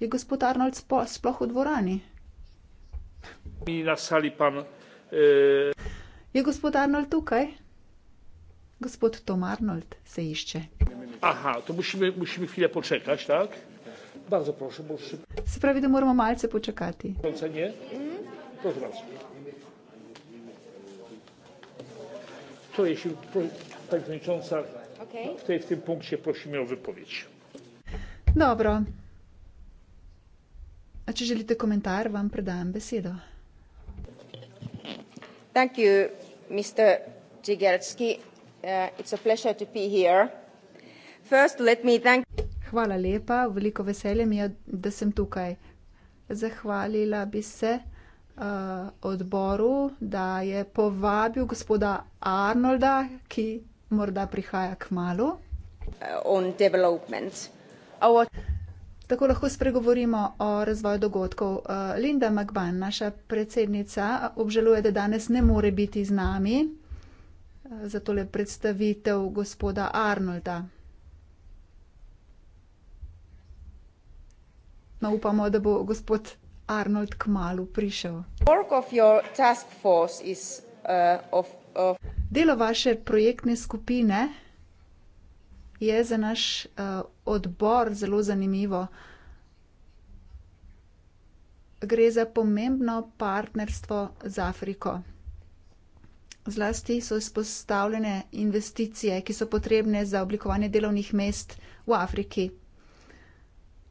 je gospod Arnold sploh v dvorani? Ni nas ali pa. E... Je gospod Arnold tukaj? Gospod Tom Arnold se išče. Aha, to boš mi file počekaš, tako? Bardzo prosim, boš. Se pravi, da moramo malce počakati. Konca nje? Prosim, bardzo. To je še, pani prezidentka, okay. v, v tem punkcie prosim o vypowiedź. Dobro. A če želite komentar, vam predajam besedo. Thank you, Mr. Jigelski. Uh, it's a pleasure to be here. First, let me thank. Hvala lepa, veliko veselje mi je, da sem tukaj. Zahvalila bi se uh, odboru, da je povabil gospoda Arnolda, ki morda prihaja k malu. Uh, on development. Our... Tako lahko spregovorimo o razvoju dogodkov. Eh, Linda McBain, naša predsednica, obžaluje, da danes ne more biti z nami eh, za tole predstavitev gospoda Arnolda. No, upamo, da bo gospod Arnold k malu prišel. Eh, Delo vaše projektne skupine je za naš odbor zelo zanimivo. Gre za pomembno partnerstvo z Afriko. Zlasti so izpostavljene investicije, ki so potrebne za oblikovanje delovnih mest v Afriki.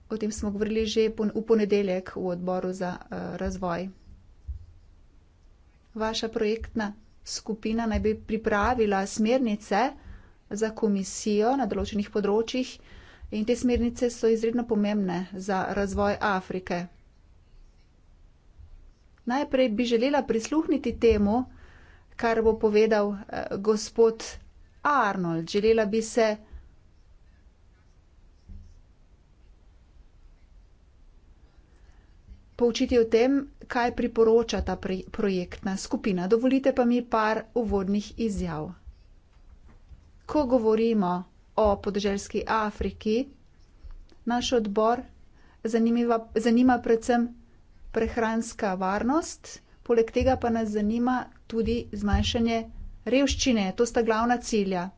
O tem smo govorili že v ponedeljek v odboru za eh, razvoj. Vaša projektna skupina naj bi pripravila smernice za komisijo na določenih področjih. In te smernice so izredno pomembne za razvoj Afrike. Najprej bi želela prisluhniti temu, kar bo povedal eh, gospod Arnold. Želela bi se. Poučiti o tem, kaj priporoča ta projektna skupina. Dovolite pa mi par uvodnih izjav. Ko govorimo o podeželski Afriki. Naš odbor zanimiva, zanima predvsem prehranska varnost, poleg tega pa nas zanima tudi zmanjšanje revščine. To sta glavna cilja.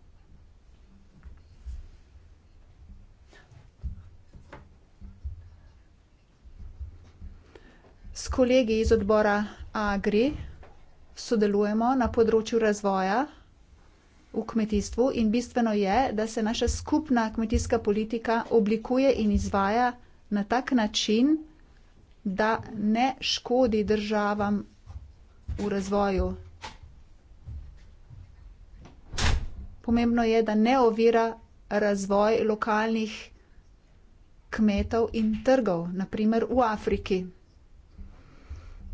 S kolegi iz odbora Agri sodelujemo na področju razvoja v kmetijstvu in bistveno je, da se naša skupna kmetijska politika oblikuje in izvaja na tak način, da ne škodi državam v razvoju. Pomembno je, da ne ovira razvoj lokalnih kmetov in trgov, naprimer v Afriki.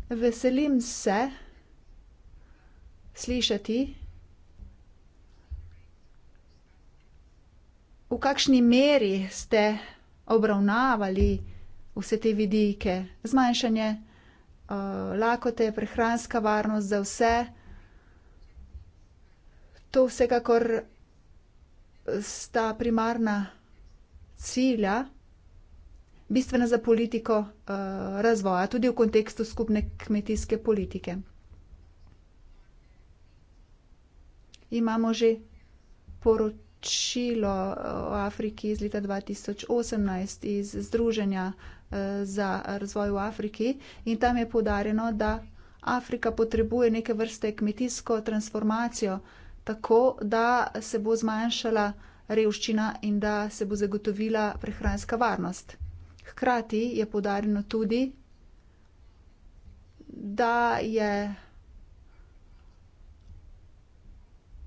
Veselim se slišati, v kakšni meri ste obravnavali vse te vidike, zmanjšanje uh, lakote, prehranska varnost za vse. To vsekakor sta primarna cilja, bistvena za politiko uh, razvoja, tudi v kontekstu skupne kmetijske politike. Imamo že poročilo poročilo eh, o Afriki iz leta 2018 iz Združenja eh, za razvoj v Afriki in tam je podarjeno, da Afrika potrebuje neke vrste kmetijsko transformacijo, tako da se bo zmanjšala revščina in da se bo zagotovila prehranska varnost. Hkrati je podarjeno tudi, da je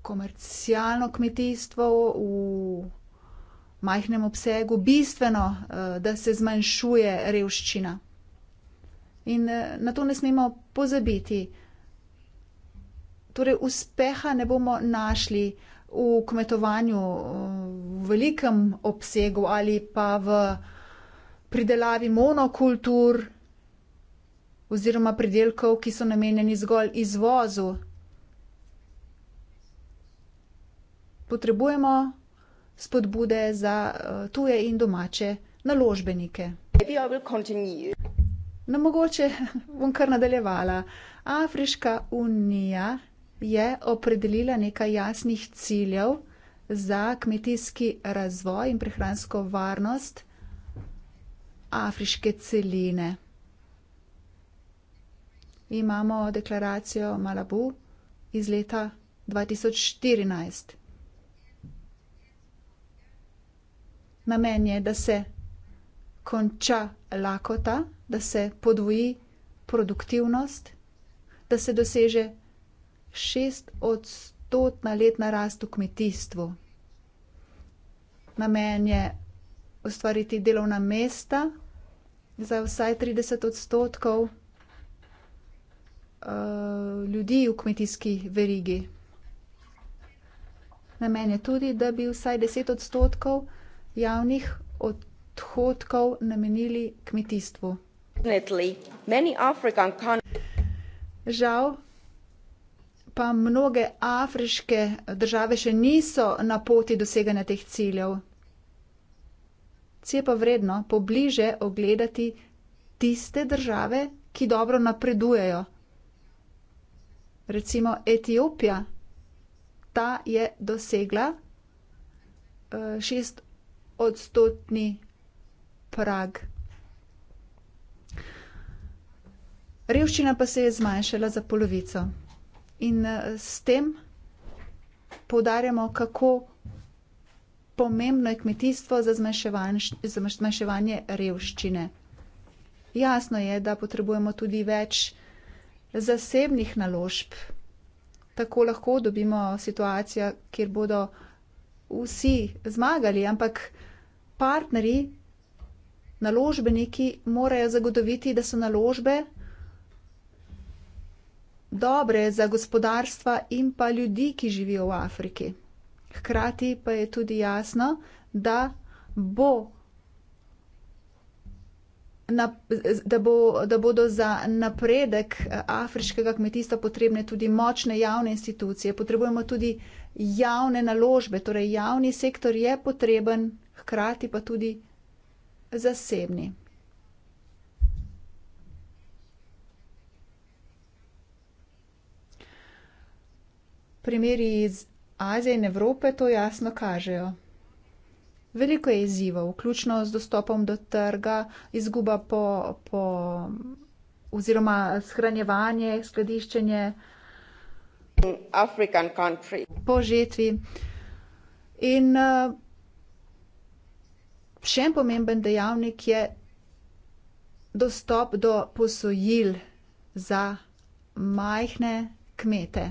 komercialno kmetijstvo v majhnem obsegu bistveno, eh, da se zmanjšuje revščina. In eh, na to ne smemo pozabiti. Torej, uspeha ne bomo našli v kmetovanju eh, v velikem obsegu ali pa v pridelavi monokultur oziroma pridelkov, ki so namenjeni zgolj izvozu. potrebujemo spodbude za eh, tuje in domače naložbenike. No, mogoče bom kar nadaljevala. Afriška unija je opredelila nekaj jasnih ciljev za kmetijski razvoj in prehransko varnost afriške celine. Imamo deklaracijo Malabu iz leta 2014. namen je, da se konča lakota, da se podvoji produktivnost, da se doseže šest odstotna letna rast v kmetijstvu. Namen je ustvariti delovna mesta za vsaj 30 odstotkov uh, ljudi v kmetijski verigi. Namen je tudi, da bi vsaj 10 odstotkov javnih odhodkov namenili kmetijstvu. Žal pa mnoge afriške države še niso na poti doseganja teh ciljev. Si je pa vredno pobliže ogledati tiste države, ki dobro napredujejo. Recimo Etiopija, ta je dosegla eh, šest odstotni prag. Revščina pa se je zmanjšala za polovico. In eh, s tem poudarjamo, kako pomembno je kmetijstvo za zmanjševanje revščine. Jasno je, da potrebujemo tudi več zasebnih naložb. Tako lahko dobimo situacijo, kjer bodo vsi zmagali, ampak partnerji, naložbeniki, morajo zagotoviti, da so naložbe dobre za gospodarstva in pa ljudi, ki živijo v Afriki. Hkrati pa je tudi jasno, da bo. Na, da, bo, da bodo za napredek eh, afriškega kmetijstva potrebne tudi močne javne institucije, potrebujemo tudi javne naložbe, torej javni sektor je potreben hkrati pa tudi zasebni. Primeri iz Azije in Evrope to jasno kažejo. Veliko je izzivov, vključno z dostopom do trga, izguba po, po oziroma shranjevanje, skladiščenje po žetvi. In uh, Še en pomemben dejavnik je dostop do posojil za majhne kmete.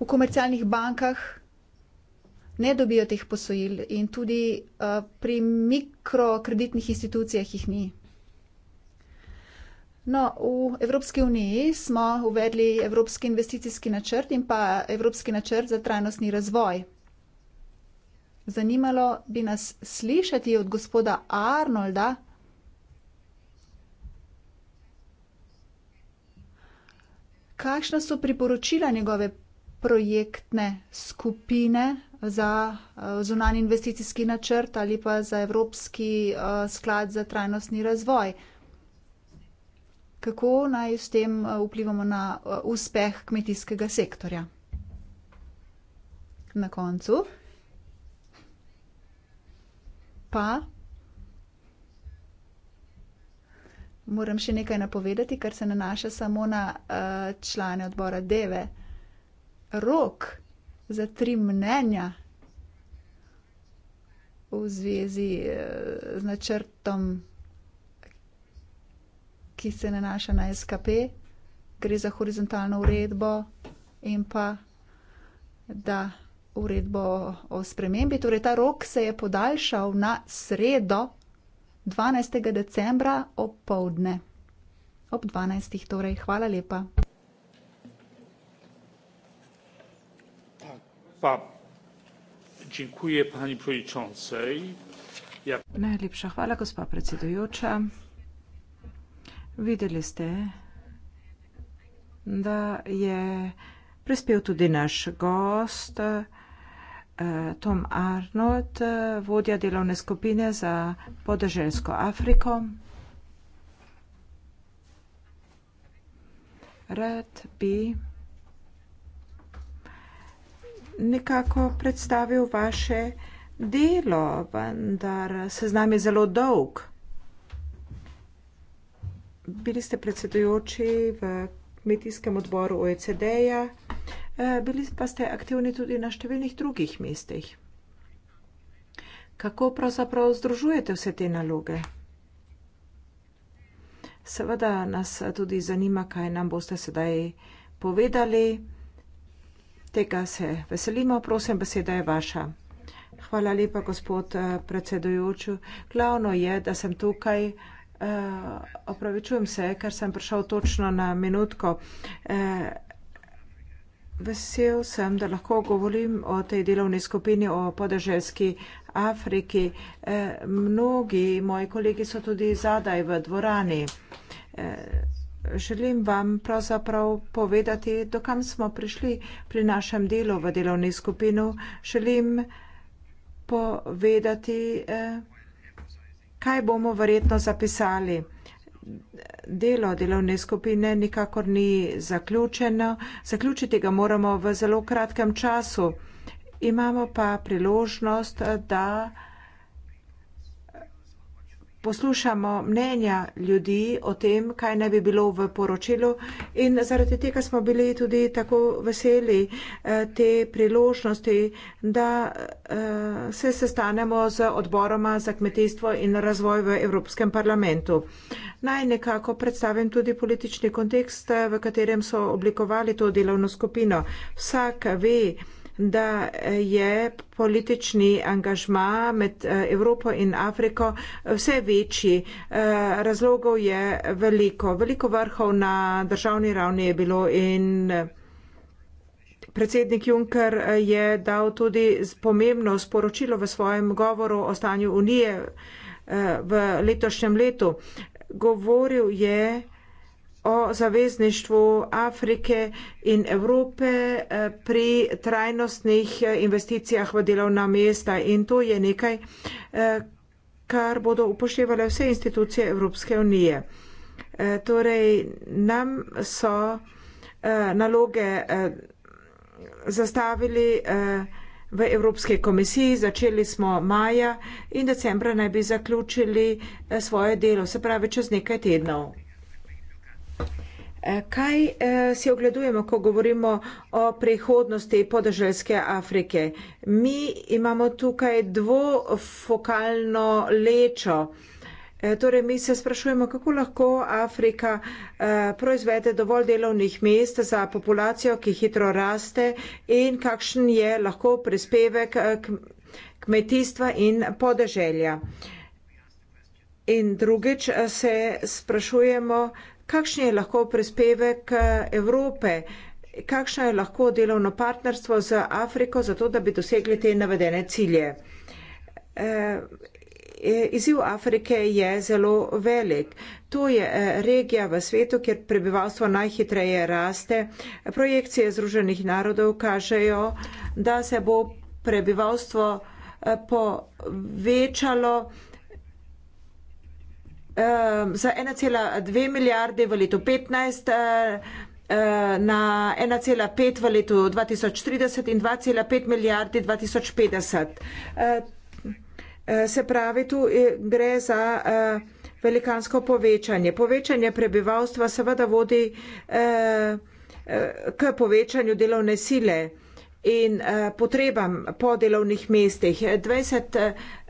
V komercialnih bankah ne dobijo teh posojil in tudi uh, pri mikrokreditnih institucijah jih ni. No, v Evropski uniji smo uvedli Evropski investicijski načrt in pa Evropski načrt za trajnostni razvoj. Zanimalo bi nas slišati od gospoda Arnolda. Kakšna so priporočila njegove projektne skupine za eh, zunanji investicijski načrt ali pa za Evropski eh, sklad za trajnostni razvoj? kako naj s tem eh, vplivamo na eh, uspeh kmetijskega sektorja. Na koncu pa moram še nekaj napovedati, kar se nanaša samo na uh, člane odbora Deve. Rok za tri mnenja v zvezi uh, z načrtom ki se nanaša na SKP, gre za horizontalno uredbo in pa da uredbo o spremembi. Torej, ta rok se je podaljšal na sredo 12. decembra ob povdne. Ob 12. torej. Hvala lepa. Pa, dziękuję, pani ja... Najlepša hvala, gospa predsedujoča. Videli ste, da je prispel tudi naš gost eh, Tom Arnold, vodja delovne skupine za podeželsko Afriko. Rad bi nekako predstavil vaše delo, vendar seznam je zelo dolg. Bili ste predsedujoči v kmetijskem odboru OECD-ja, eh, bili pa ste aktivni tudi na številnih drugih mestih. Kako pravzaprav združujete vse te naloge? Seveda nas tudi zanima, kaj nam boste sedaj povedali. Tega se veselimo, prosim, beseda je vaša. Hvala lepa, gospod eh, predsedujoču. Glavno je, da sem tukaj. Eh, opravičujem se, ker sem prišel točno na minutko. Eh, vesel sem, da lahko govorim o tej delovni skupini o podeželski Afriki. Eh, mnogi moji kolegi so tudi zadaj v dvorani. Želim vam pravzaprav povedati, dokam smo prišli pri našem delu v delovni skupinu. Želim povedati, eh, kaj bomo verjetno zapisali. Delo delovne skupine nikakor ni zaključeno, zaključiti ga moramo v zelo kratkem času. Imamo pa priložnost, da poslušamo mnenja ljudi o tem, kaj ne bi bilo v poročilu in zaradi tega smo bili tudi tako veseli eh, te priložnosti, da eh, se sestanemo z odboroma za kmetijstvo in razvoj v Evropskem parlamentu. Naj nekako predstavim tudi politični kontekst, v katerem so oblikovali to delovno skupino. Vsak ve, da eh, je politični angažma med eh, Evropo in Afriko eh, vse večji. Razlogov je veliko. Veliko vrhov na državni ravni je bilo in predsednik Juncker je dal tudi pomembno sporočilo v svojem govoru o stanju Unije v letošnjem letu. Govoril je, o zavezništvu Afrike in Evrope eh, pri trajnostnih eh, investicijah v delovna mesta in to je nekaj, eh, kar bodo upoštevale vse institucije Evropske unije. Torej, nam so naloge zastavili v Evropske komisiji, začeli smo maja in decembra naj bi zaključili svoje delo, se pravi čez nekaj tednov. Eh, kaj eh, si ogledujemo, ko govorimo o prihodnosti podeželske Afrike? Mi imamo tukaj dvofokalno lečo. Eh, torej, mi se sprašujemo, kako lahko Afrika proizvede dovolj delovnih mest za populacijo, ki hitro raste in kakšen je lahko prispevek kmetijstva in podeželja. In drugič se sprašujemo, kakšen je lahko prispevek eh, Evrope, kakšno je lahko delovno partnerstvo z Afriko, zato da bi dosegli te navedene cilje. Eh, eh, izziv Afrike je zelo velik. To je regija v svetu, kjer prebivalstvo najhitreje raste. Projekcije Združenih narodov kažejo, da se bo prebivalstvo povečalo uh, za 1,2 milijarde v letu 15, uh, eh, eh, na 1,5 v letu 2030 in 2,5 milijarde 2050. Uh, uh, se pravi, tu gre za. Uh, Velikansko povečanje. Povečanje prebivalstva seveda vodi eh, k povečanju delovne sile. Eh, in eh, potrebam po delovnih mestih. 20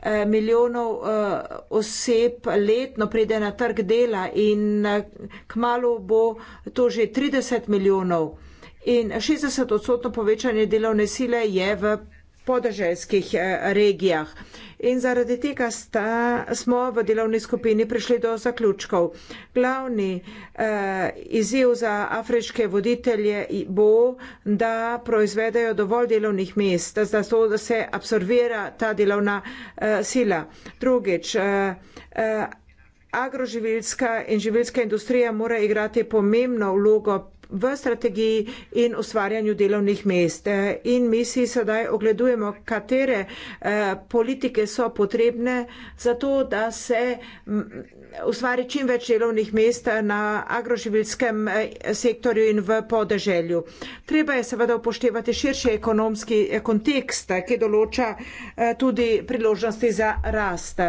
eh, milijonov eh, oseb letno pride na trg dela in kmalo bo to že 30 milijonov. In 60 odstotno povečanje delovne sile je v podeželskih eh, regijah. In zaradi tega sta, smo v delovni skupini prišli do zaključkov. Glavni eh, izziv za afriške voditelje bo, da proizvedajo dovolj delovnih mest, da so, da se absorbira ta delovna eh, sila. Drugič, eh, eh, agroživilska in živilska industrija mora igrati pomembno vlogo v strategiji in ustvarjanju delovnih mest. In mi si sedaj ogledujemo, katere eh, politike so potrebne za to, da se ustvari čim več delovnih mest na agroživilskem eh, sektorju in v podeželju. Treba je seveda upoštevati širši ekonomski eh, kontekst, eh, ki določa tudi priložnosti za rast.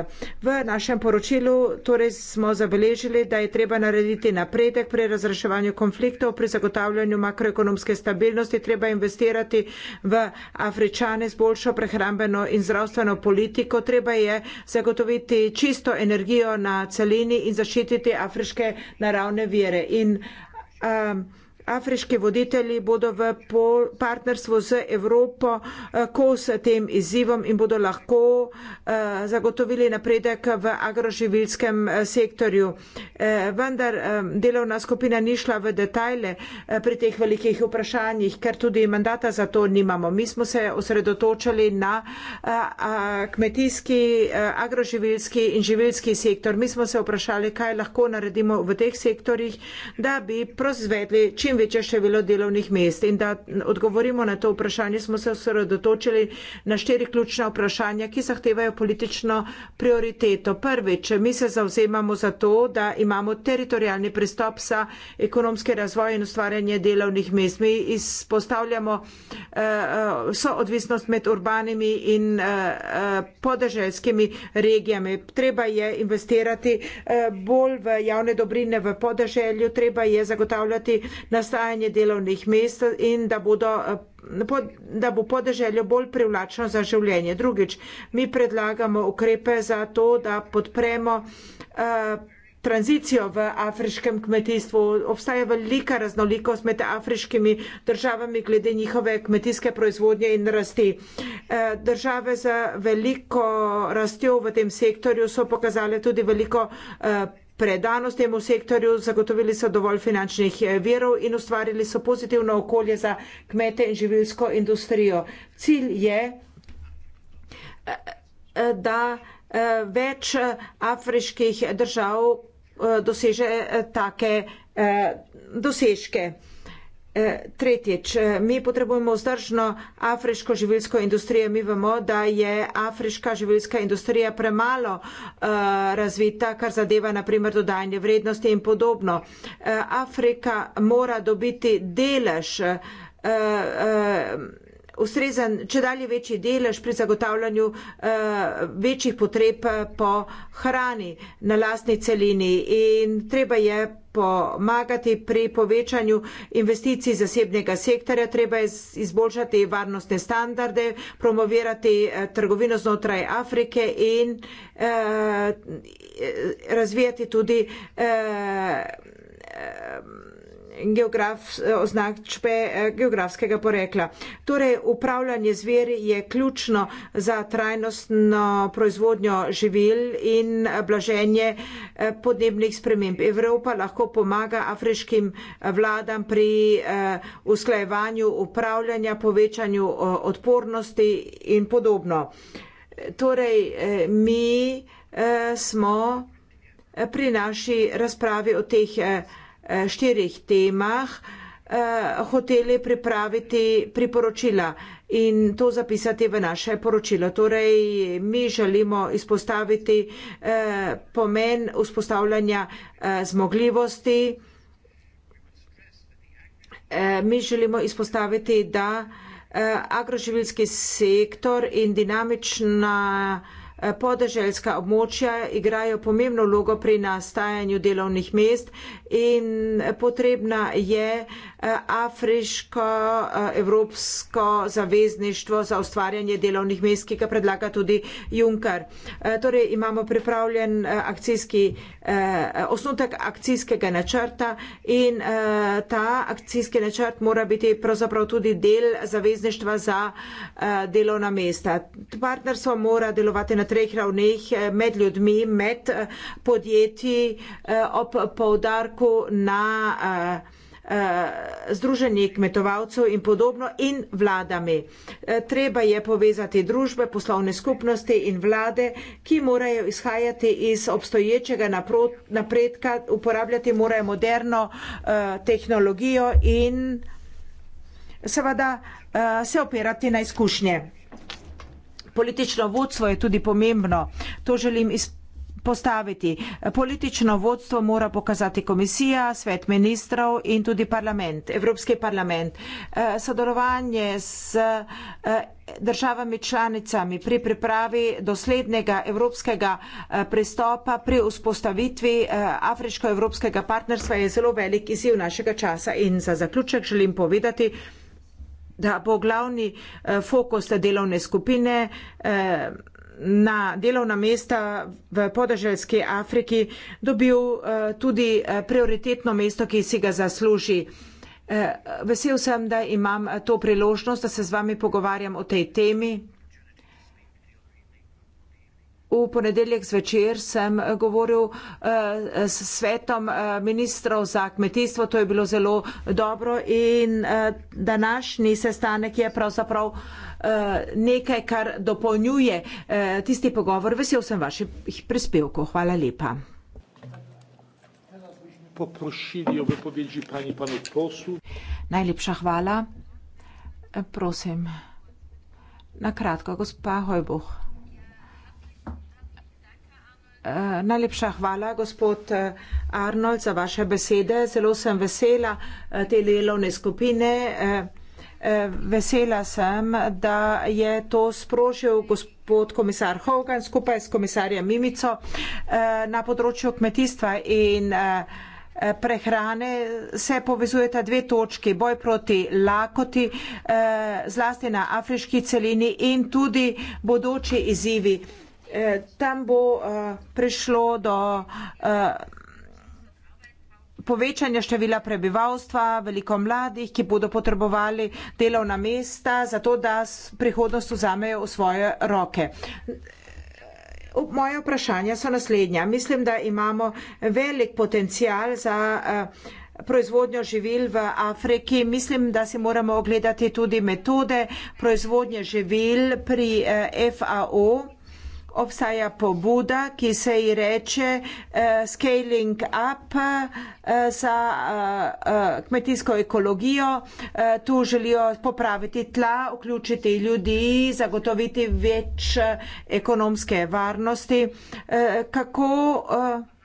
V našem poročilu torej smo zabeležili, da je treba narediti napredek pri razreševanju konfliktov, pri zagotavljanju makroekonomske stabilnosti, treba investirati v afričane z boljšo prehrambeno in zdravstveno politiko, treba je zagotoviti čisto energijo na celotno zeleni in zaščititi afriške naravne vire. In, um, afriški voditelji bodo v partnerstvu z Evropo eh, kos tem izzivom in bodo lahko eh, zagotovili napredek v agroživilskem eh, sektorju. Vendar delovna skupina ni šla v detajle pri teh velikih vprašanjih, ker tudi mandata za to nimamo. Mi smo se osredotočali na kmetijski, agroživilski in živilski sektor. Mi smo se vprašali, kaj lahko naredimo v teh sektorjih, da bi proizvedli čim večje število delovnih mest. In da odgovorimo na to vprašanje, smo se osredotočili na štiri ključna vprašanja, ki zahtevajo politično prioriteto. Prvič, mi se zauzemamo za to, da imamo teritorijalni pristop za ekonomski razvoj in ustvarjanje delovnih mest. Mi izpostavljamo uh, eh, eh, so odvisnost med urbanimi in uh, podeželskimi regijami. Treba je investirati uh, bolj v javne dobrine v podeželju, treba je zagotavljati na nastajanje delovnih mest in da bodo. Eh, da bo podeželje bolj privlačno za življenje. Drugič, mi predlagamo ukrepe za to, da podpremo uh, tranzicijo v afriškem kmetijstvu. Obstaja velika raznolikost med afriškimi državami glede njihove kmetijske proizvodnje in rasti. Uh, države z veliko rastjo v tem sektorju so pokazale tudi veliko. Uh, predanost temu sektorju, zagotovili so dovolj finančnih eh, verov in ustvarili so pozitivno okolje za kmete in živilsko industrijo. Cilj je, eh, eh, da več afriških držav doseže take dosežke. E, tretjič, e, mi potrebujemo vzdržno afriško živilsko industrijo. Mi vemo, da je afriška živilska industrija premalo uh, razvita, kar zadeva naprimer dodajanje vrednosti in podobno. Uh, Afrika mora dobiti delež. Uh, uh, ustrezen, če dalje večji delež pri zagotavljanju uh, večjih potreb po hrani na lastni celini. In treba je pomagati pri povečanju investicij zasebnega sektorja, treba je izboljšati varnostne standarde, promovirati eh, trgovino znotraj Afrike in eh, razvijati tudi eh, geografs, označbe eh, geografskega porekla. Torej, upravljanje zveri je ključno za trajnostno proizvodnjo živil in eh, blaženje eh, podnebnih sprememb. Evropa lahko pomaga afriškim vladam pri usklajevanju upravljanja, povečanju odpornosti in podobno. Torej, mi smo pri naši razpravi o teh Eh, štirih temah eh, hoteli pripraviti priporočila in to zapisati v naše poročilo. Torej, mi želimo izpostaviti eh, pomen vzpostavljanja zmogljivosti. Mi želimo izpostaviti, da agroživilski sektor in dinamična vzpostavljanja Eh, podeželska območja igrajo pomembno vlogo pri nastajanju delovnih mest in potrebna je eh, afriško-evropsko eh, zavezništvo za ustvarjanje delovnih mest, ki ga predlaga tudi Junker. Torej imamo pripravljen akcijski, osnutek akcijskega načrta in ta akcijski načrt mora biti pravzaprav tudi del zavezništva za delovna mesta. Partnerstvo mora delovati na treh ravneh eh, med ljudmi, med eh, podjetji, eh, ob povdarku na združenje kmetovalcev in podobno in vladami. Treba je povezati družbe, poslovne skupnosti in vlade, ki morajo izhajati iz obstoječega napredka, uporabljati morajo moderno tehnologijo in seveda se opirati na izkušnje politično vodstvo je tudi pomembno. To želim izpostaviti. Politično vodstvo mora pokazati komisija, svet ministrov in tudi parlament, Evropski parlament. Eh, sodelovanje s eh, državami članicami pri pripravi doslednega evropskega eh, pristopa pri vzpostavitvi afriško-evropskega partnerstva je zelo velik izziv našega časa in za zaključek želim povedati, da bo glavni eh, fokus delovne skupine eh, na delovna mesta v podeželjski Afriki dobil eh, tudi prioritetno mesto, ki si ga zasluži. Vesel sem, da imam to priložnost, da se z vami pogovarjam o tej temi. V ponedeljek zvečer sem govoril eh, s svetom eh, ministrov za kmetijstvo, to je bilo zelo dobro in eh, današnji sestanek je pravzaprav nekaj, kar dopolnjuje tisti pogovor. Vesel sem vaših prispevkov. Hvala lepa. Najlepša hvala. Prosim, na kratko, gospa Hojboh. Najlepša hvala, gospod eh, Arnold, za vaše besede. Zelo sem vesela eh, te delovne skupine. Eh, vesela sem, da je to sprožil gospod komisar Hogan skupaj s komisarjem Mimico na področju kmetijstva in prehrane se povezujeta dve točki, boj proti lakoti, zlasti na afriški celini in tudi bodoči izzivi. Eh, tam bo eh, prišlo do eh, povečanja števila prebivalstva, veliko mladih, ki bodo potrebovali delovna mesta, zato da prihodnost vzamejo v svoje roke. Moje vprašanja so naslednja. Mislim, da imamo velik potencial za proizvodnjo živil v Afriki. Mislim, da si moramo ogledati tudi metode proizvodnje živil pri FAO obstaja pobuda, ki se ji reče uh, scaling up uh, za uh, uh, kmetijsko ekologijo. Uh, tu želijo popraviti tla, vključiti ljudi, zagotoviti več uh, ekonomske varnosti. Uh, kako uh,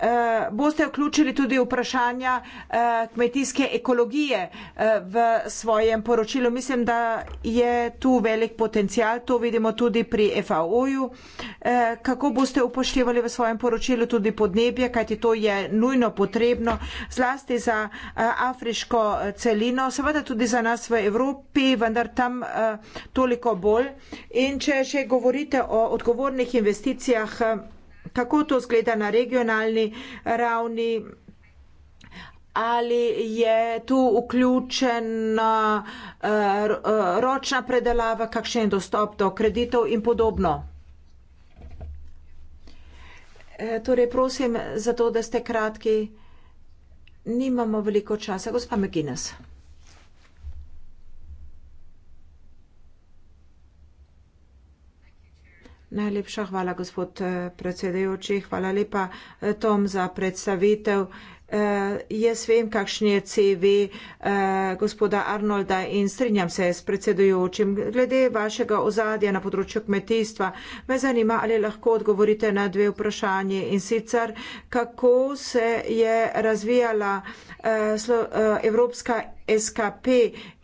eh, boste vključili tudi vprašanja eh, kmetijske ekologije eh, v svojem poročilu. Mislim, da je tu velik potencial, to vidimo tudi pri FAO-ju. Eh, kako boste upoštevali v svojem poročilu tudi podnebje, kajti to je nujno potrebno, zlasti za eh, afriško eh, celino, seveda tudi za nas v Evropi, vendar tam eh, toliko bolj. In če še govorite o odgovornih investicijah, eh, kako to zgleda na regionalni ravni. Ali je tu vključena eh, eh, ročna predelava, kakšen je dostop do kreditov in podobno? Eh, torej, prosim, zato, da ste kratki, nimamo veliko časa. Gospa McGuinness. Najlepša hvala, gospod eh, predsedejoči. Hvala lepa, eh, Tom, za predstavitev. Uh, jaz vem, kakšen je CV uh, gospoda Arnolda in strinjam se s predsedujočim. Glede vašega ozadja na področju kmetijstva, me zanima, ali lahko odgovorite na dve vprašanje in sicer, kako se je razvijala uh, slo, uh, evropska SKP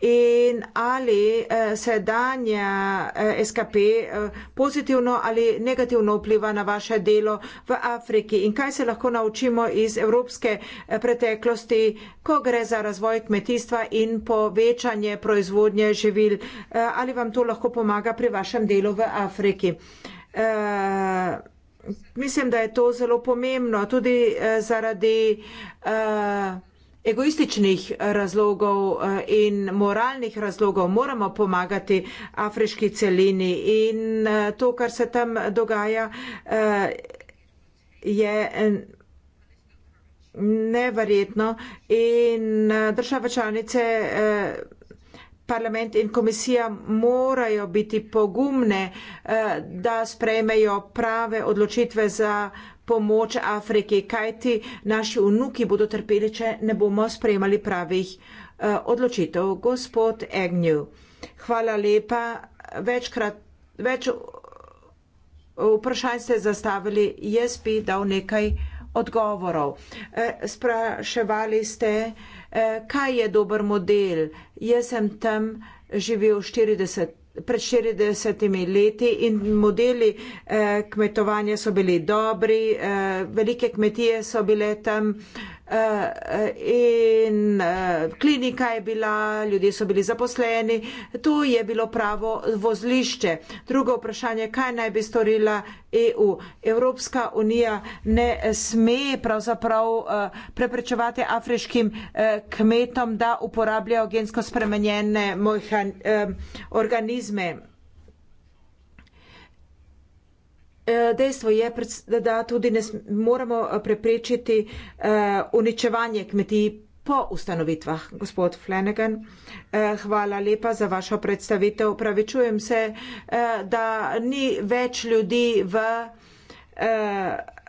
in ali uh, sedanja uh, eh, SKP uh, eh, pozitivno ali negativno vpliva na vaše delo v Afriki in kaj se lahko naučimo iz evropske uh, preteklosti, ko gre za razvoj kmetijstva in povečanje proizvodnje živil, uh, ali vam to lahko pomaga pri vašem delu v Afriki. Uh, mislim, da je to zelo pomembno tudi uh, zaradi. Uh, egoističnih razlogov eh, in moralnih razlogov moramo pomagati afriški celini in eh, to, kar se tam dogaja, eh, je neverjetno in država članice parlament in komisija morajo biti pogumne, da sprejmejo prave odločitve za pomoč Afriki, kajti naši vnuki bodo trpeli, če ne bomo sprejemali pravih eh, odločitev. Gospod Agnew, hvala lepa. Večkrat, več vprašanj ste zastavili, jaz bi dal nekaj odgovorov. Eh, spraševali ste, eh, kaj je dober model. Jaz sem tam živel 40 let pred 40 leti in modeli eh, kmetovanja so bili dobri, eh, velike kmetije so bile tam. Eh, Eh, in eh, klinika je bila, ljudje so bili zaposleni, to je bilo pravo vozlišče. Drugo vprašanje, kaj naj bi storila EU? Evropska unija ne sme pravzaprav eh, preprečevati afriškim kmetom, da uporabljajo gensko spremenjene organizme. Eh, dejstvo je, da tudi ne moramo eh, preprečiti eh, uničevanje kmetij po ustanovitvah. Gospod Flanagan, hvala lepa za vašo predstavitev. Pravičujem se, da ni več ljudi v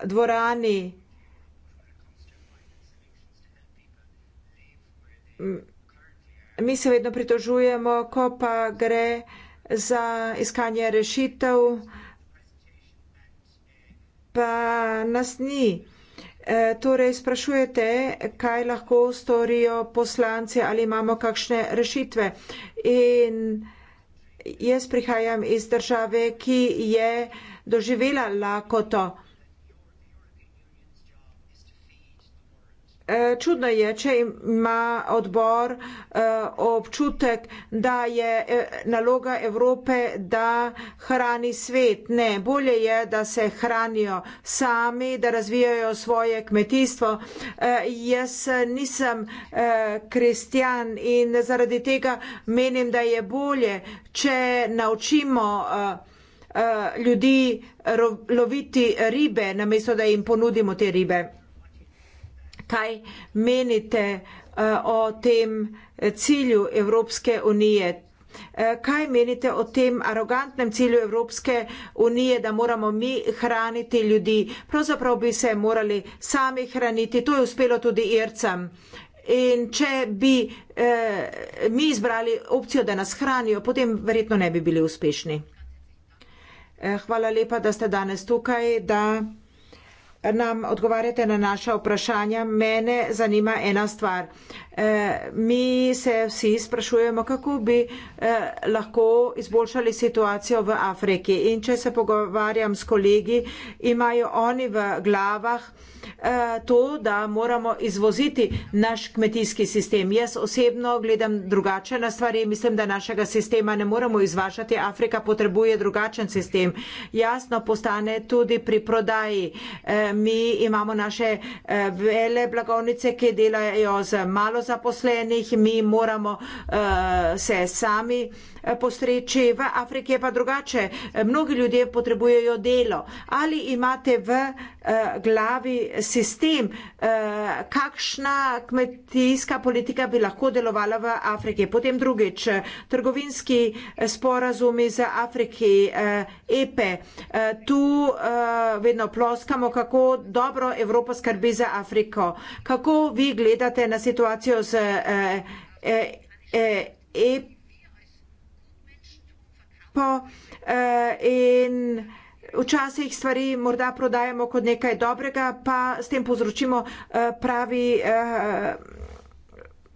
dvorani. Mi se vedno pritožujemo, ko pa gre za iskanje rešitev pa nas ni. E, torej, sprašujete, kaj lahko storijo poslanci ali imamo kakšne rešitve. In jaz prihajam iz države, ki je doživela lakoto. E, čudno je, če ima odbor e, občutek, da je e, naloga Evrope, da hrani svet. Ne, bolje je, da se hranijo sami, da razvijajo svoje kmetijstvo. Jaz nisem kristjan in zaradi tega menim, da je bolje, če naučimo ljudi loviti ribe, namesto da jim ponudimo te ribe kaj menite eh, o tem cilju Evropske unije. Eh, kaj menite o tem arogantnem cilju Evropske unije, da moramo mi hraniti ljudi? Pravzaprav bi se morali sami hraniti. To je uspelo tudi Ircem. In če bi eh, mi izbrali opcijo, da nas hranijo, potem verjetno ne bi bili uspešni. Eh, hvala lepa, da ste danes tukaj, da nam odgovarjate na naša vprašanja, mene zanima ena stvar. Eh, mi se vsi sprašujemo, kako bi eh, lahko izboljšali situacijo v Afriki. In če se pogovarjam s kolegi, imajo oni v glavah eh, to, da moramo izvoziti naš kmetijski sistem. Jaz osebno gledam drugače na stvari, mislim, da našega sistema ne moramo izvažati. Afrika potrebuje drugačen sistem. Jasno postane tudi pri prodaji. Mi imamo naše vele blagovnice, ki delajo z malo zaposlenih, mi moramo uh, se sami uh, Eh, posreči, v Afriki je pa drugače. Eh, mnogi ljudje potrebujejo delo. Ali imate v eh, glavi sistem, kakšna kmetijska politika bi lahko delovala v Afriki? Potem drugič, trgovinski sporazumi z Afriki, EPE. Tu vedno ploskamo, kako dobro Evropa skrbi za Afriko. Kako vi gledate na situacijo z EPE? E, e, lepo eh, in včasih stvari morda prodajemo kot nekaj dobrega, pa s tem povzročimo eh, pravi, eh,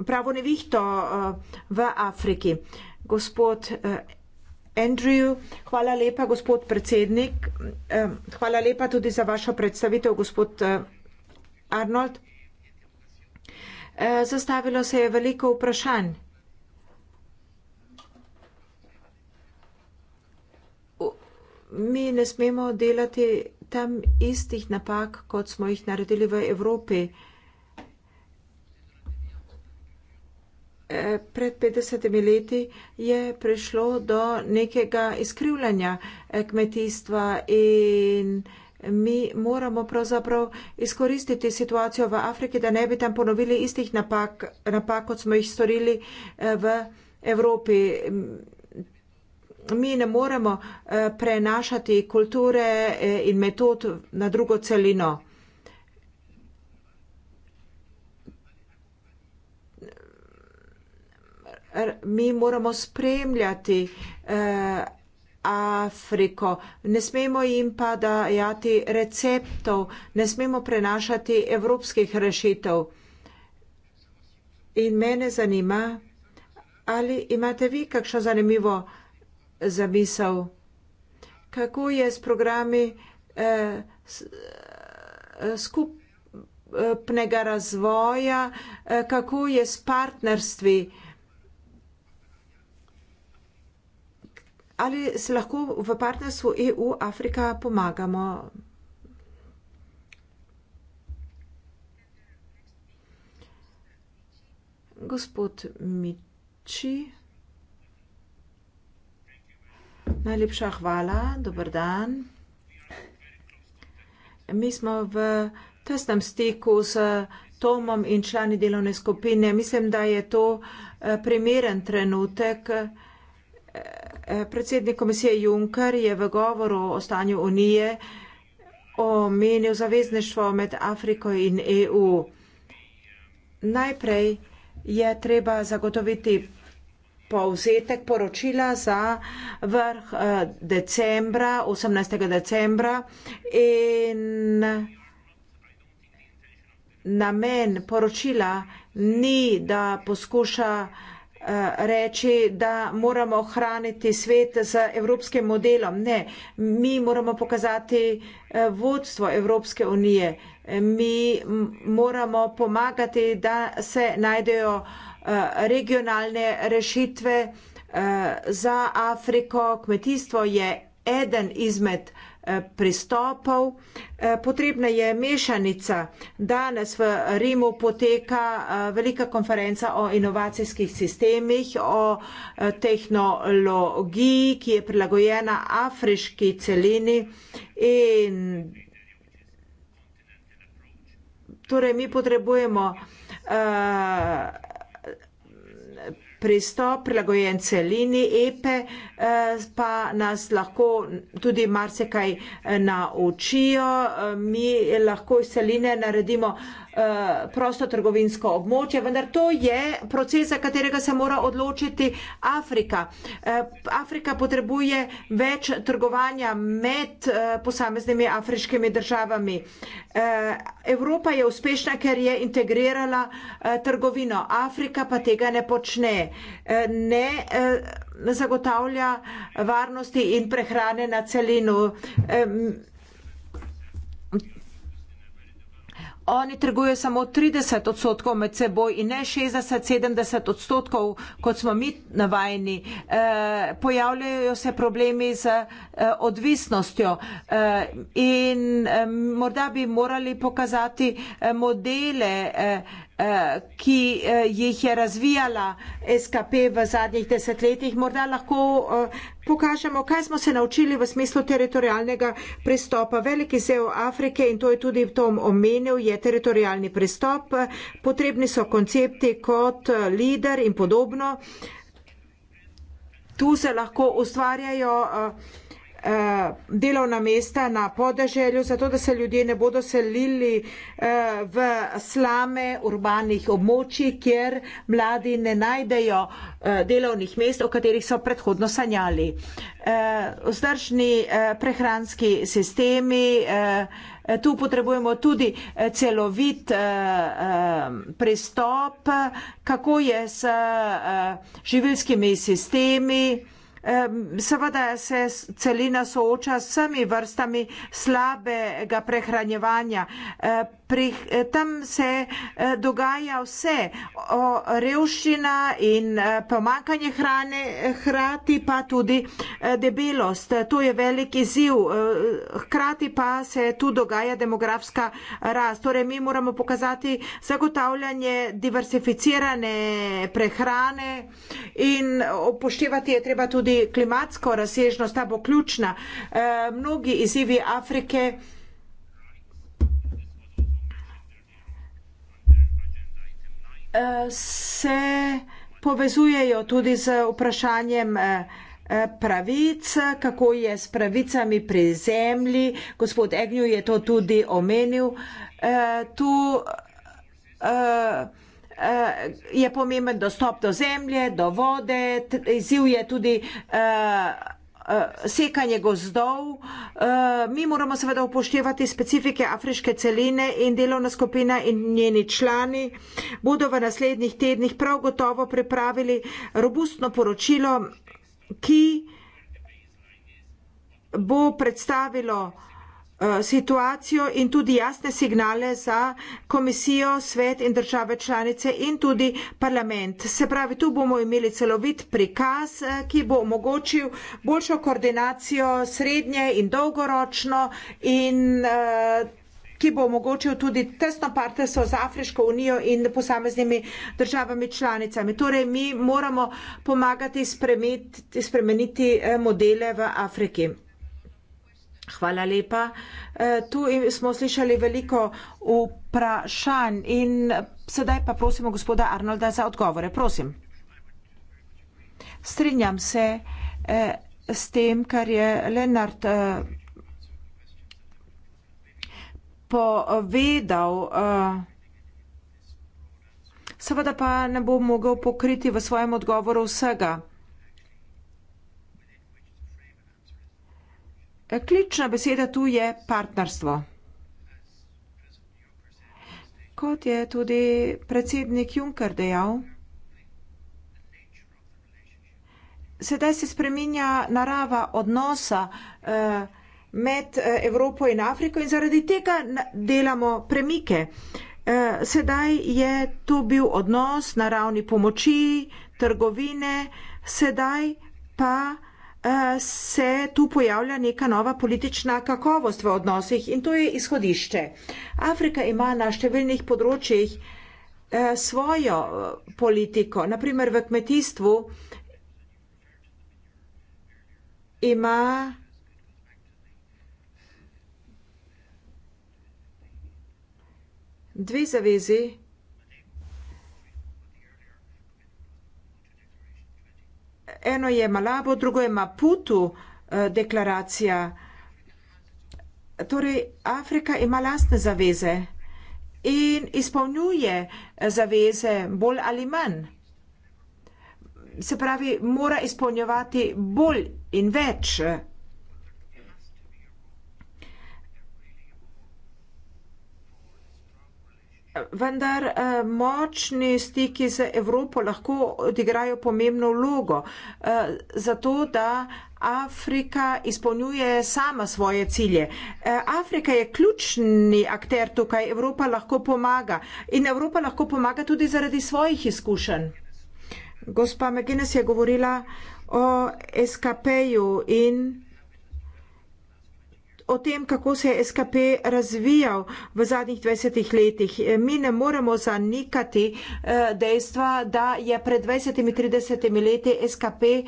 pravo nevihto v Afriki. Gospod Andrew, hvala lepa, gospod predsednik. Hvala lepa tudi za vašo predstavitev, gospod Arnold. Zastavilo se je veliko vprašanj. mi ne smemo delati tam istih napak, kot smo jih naredili v Evropi. Eh, pred 50 leti je prišlo do nekega izkrivljanja eh, kmetijstva in mi moramo pravzaprav izkoristiti situacijo v Afriki, da ne bi tam ponovili istih napak, napak kot smo jih storili eh, v Evropi mi ne moremo eh, prenašati kulture eh, in metod na drugo celino. Mi moramo spremljati eh, Afriko, ne smemo jim pa dajati receptov, ne smemo prenašati evropskih rešitev. In mene zanima, ali imate vi kakšno zanimivo eh, zamisel, kako je s programi eh, eh, skupnega razvoja, eh, kako je s partnerstvi. Ali se lahko v partnerstvu EU-Afrika pomagamo? Gospod Miči. Najlepša hvala, dober dan. Mi smo v tesnem stiku s Tomom in člani delovne skupine. Mislim, da je to eh, primeren trenutek. Eh, eh, predsednik komisije Juncker je v govoru o stanju Unije omenil zavezništvo med Afriko in EU. Najprej je treba zagotoviti povzetek poročila za vrh eh, decembra, 18. decembra in namen poročila ni, da poskuša eh, reči, da moramo ohraniti svet z evropskim modelom. Ne, mi moramo pokazati eh, vodstvo Evropske unije. Mi moramo pomagati, da se najdejo uh, Eh, regionalne rešitve eh, za Afriko. Kmetijstvo je eden izmed eh, pristopov. Potrebna je mešanica. Danes v Rimu poteka velika konferenca o inovacijskih sistemih, o tehnologiji, ki je prilagojena afriški celini in torej mi potrebujemo uh, pristop, prilagojen celini epe, eh, pa nas lahko tudi marsikaj eh, naučijo. Eh, mi lahko iz celine naredimo Eh, prosto trgovinsko območje, vendar to je proces, za katerega se mora odločiti Afrika. Eh, Afrika potrebuje več trgovanja med eh, posameznimi afriškimi državami. Evropa je uspešna, ker je integrirala trgovino, Afrika pa tega ne počne. Ne zagotavlja varnosti in prehrane na celino. oni trgujejo samo 30 odstotkov med seboj in ne 60-70 odstotkov, kot smo mi navajeni. E, pojavljajo se problemi z e, odvisnostjo e, in e, morda bi morali pokazati e, modele. E, Eh, ki eh, jih je razvijala SKP v zadnjih desetletjih. Morda lahko eh, pokažemo, kaj smo se naučili v smislu teritorijalnega pristopa. Veliki zev Afrike in to je tudi v tom omenil, je teritorijalni pristop. Potrebni so koncepti kot lider in podobno. Tu se lahko ustvarjajo. Uh, Eh, delovna mesta na podeželju, zato da se ljudje ne bodo selili eh, v slame urbanih območij, kjer mladi ne najdejo eh, delovnih mest, o katerih so predhodno sanjali. Vzdržni prehranski sistemi, tu potrebujemo tudi celovit pristop, kako je s živilskimi sistemi, Seveda se celina sooča s vsemi vrstami slabega prehranjevanja. Eh, tam se eh, dogaja vse. O revščina in eh, pomankanje hrane, hrati pa tudi debelost. To je velik izziv. Hkrati pa se tu dogaja demografska rast. Torej, mi moramo pokazati zagotavljanje diversificirane prehrane in upoštevati je treba tudi tudi klimatsko razsežnost, ta bo ključna. E, mnogi izzivi Afrike. E, se povezujejo tudi z vprašanjem e, e, pravic, kako je s pravicami pri zemlji. Gospod Egnju je to tudi omenil. Tu Eh, je pomemben dostop do zemlje, do vode, izziv je tudi eh, eh, sekanje gozdov. Mi moramo seveda upoštevati specifike afriške celine in delovna skupina in njeni člani bodo v naslednjih tednih prav gotovo pripravili robustno poročilo, ki bo predstavilo uh, Eh, situacijo in tudi jasne signale za komisijo, svet in države članice in tudi parlament. Se pravi, tu bomo imeli celovit prikaz, eh, ki bo omogočil boljšo koordinacijo srednje in dolgoročno in eh, ki bo omogočil tudi tesno partnerstvo z Afriško unijo in posameznimi državami članicami. Torej, mi moramo pomagati spremeniti, spremeniti modele v Afriki. Hvala lepa. E, tu smo slišali veliko vprašanj in sedaj pa prosimo gospoda Arnolda za odgovore. Prosim. Strinjam se e, s tem, kar je Lenard e, povedal. Seveda pa ne bom mogel pokriti v svojem odgovoru vsega. Ključna beseda tu je partnerstvo. Kot je tudi predsednik Juncker dejal, sedaj se spreminja narava odnosa eh, med eh, Evropo in Afriko in zaradi tega delamo premike. Eh, sedaj je tu bil odnos na ravni pomoči, trgovine, sedaj pa. Eh, se tu pojavlja neka nova politična kakovost v odnosih in to je izhodišče. Afrika ima na številnih področjih eh, svojo eh, politiko, naprimer v kmetijstvu ima dve zavezi. eno je Malabo, drugo je Maputu eh, deklaracija. Torej, Afrika ima lastne zaveze in izpolnjuje eh, zaveze bolj ali manj. Se pravi, mora izpolnjevati bolj in več eh, Vendar eh, močni stiki z Evropo lahko odigrajo pomembno vlogo, eh, zato da Afrika izpolnjuje sama svoje cilje. Eh, Afrika je ključni akter tukaj, Evropa lahko pomaga in Evropa lahko pomaga tudi zaradi svojih izkušenj. Gospa McGuinness je govorila o SKP-ju in o tem, kako se je SKP razvijal v zadnjih 20 letih. Mi ne moremo zanikati eh, dejstva, da je pred 20-30 leti SKP eh,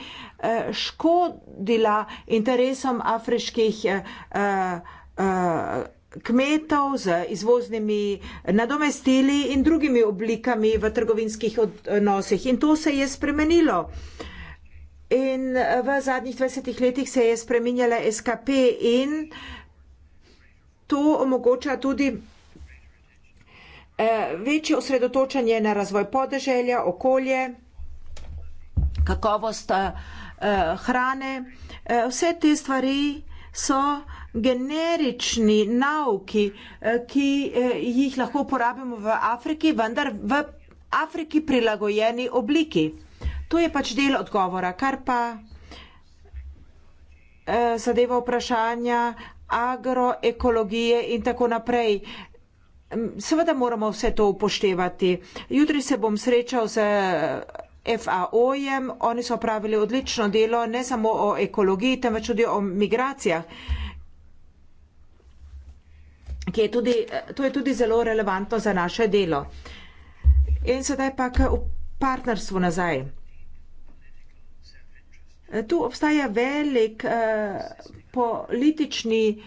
škodila interesom afriških eh, kmetov z izvoznimi nadomestili in drugimi oblikami v trgovinskih odnosih. In to se je spremenilo. In eh, v zadnjih 20 letih se je spreminjala SKP in to omogoča tudi eh, večje osredotočanje na razvoj podeželja, okolje, kakovost eh, hrane. Vse te stvari so generični nauki, ki jih lahko uporabimo v Afriki, vendar v Afriki prilagojeni obliki. To je pač del odgovora, kar pa eh, zadeva vprašanja agroekologije in tako naprej. Seveda moramo vse to upoštevati. Jutri se bom srečal z eh, FAO-jem. Oni so pravili odlično delo ne samo o ekologiji, temveč tudi o migracijah. Je tudi, eh, to je tudi zelo relevantno za naše delo. In sedaj pa k partnerstvu nazaj. Tu obstaja velik eh, politični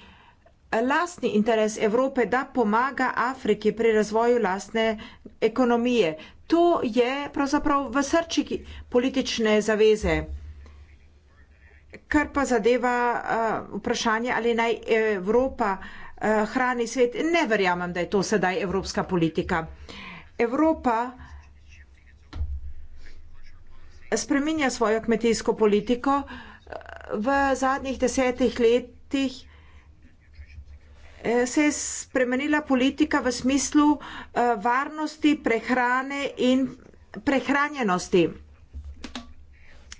eh, lastni interes Evrope, da pomaga Afriki pri razvoju lastne ekonomije. To je pravzaprav v srči politične zaveze. Kar pa zadeva eh, vprašanje, ali naj Evropa hrani svet, ne verjamem, da je to sedaj evropska politika. Evropa spreminja svojo kmetijsko politiko v zadnjih desetih letih. Eh, se je spremenila politika v smislu eh, varnosti, prehrane in prehranjenosti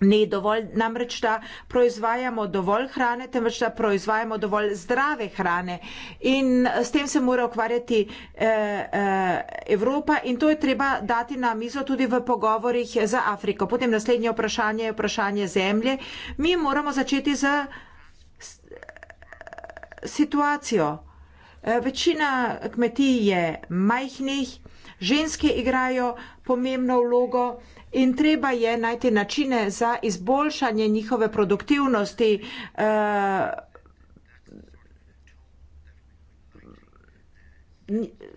ne dovolj, namreč da proizvajamo dovolj hrane, temveč da proizvajamo dovolj zdrave hrane. In eh, s tem se mora ukvarjati eh, eh, Evropa in to je treba dati na mizo tudi v pogovorih za Afriko. Potem naslednje vprašanje je vprašanje zemlje. Mi moramo začeti z eh, situacijo. Eh, večina kmetij je majhnih, ženske igrajo pomembno vlogo in treba je najti načine za izboljšanje njihove produktivnosti. Uh,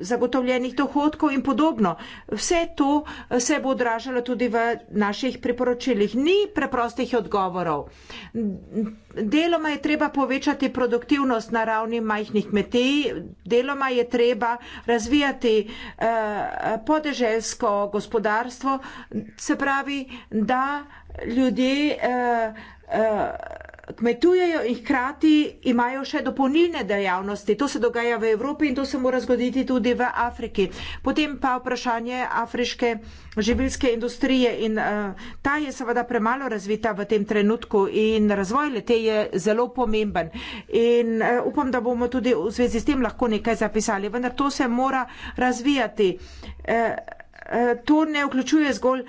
zagotovljenih dohodkov in podobno. Vse to eh, se bo odražalo tudi v naših priporočilih. Ni preprostih odgovorov. Deloma je treba povečati produktivnost na ravni majhnih kmetij, deloma je treba razvijati eh, podeželsko gospodarstvo, se pravi, da ljudje eh, kmetujejo in hkrati imajo še dopolnilne dejavnosti. To se dogaja v Evropi in to se mora zgoditi tudi v Afriki. Potem pa vprašanje afriške živilske industrije in uh, ta je seveda premalo razvita v tem trenutku in razvoj lete je zelo pomemben. In uh, upam, da bomo tudi v zvezi s tem lahko nekaj zapisali, vendar to se mora razvijati. Uh, Eh, to ne vključuje zgolj uh,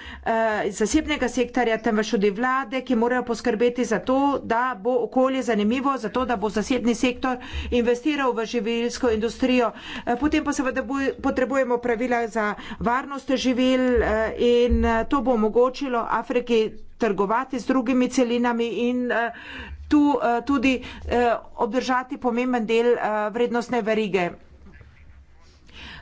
zasebnega sektorja, temveč tudi vlade, ki morajo poskrbeti za to, da bo okolje zanimivo, za to, da bo zasebni sektor investiral v živilsko industrijo. Uh, potem pa seveda potrebujemo pravila za varnost živil uh, in uh, to bo omogočilo Afriki trgovati z drugimi celinami in. Uh, tu tudi eh, obdržati pomemben del eh, vrednostne verige.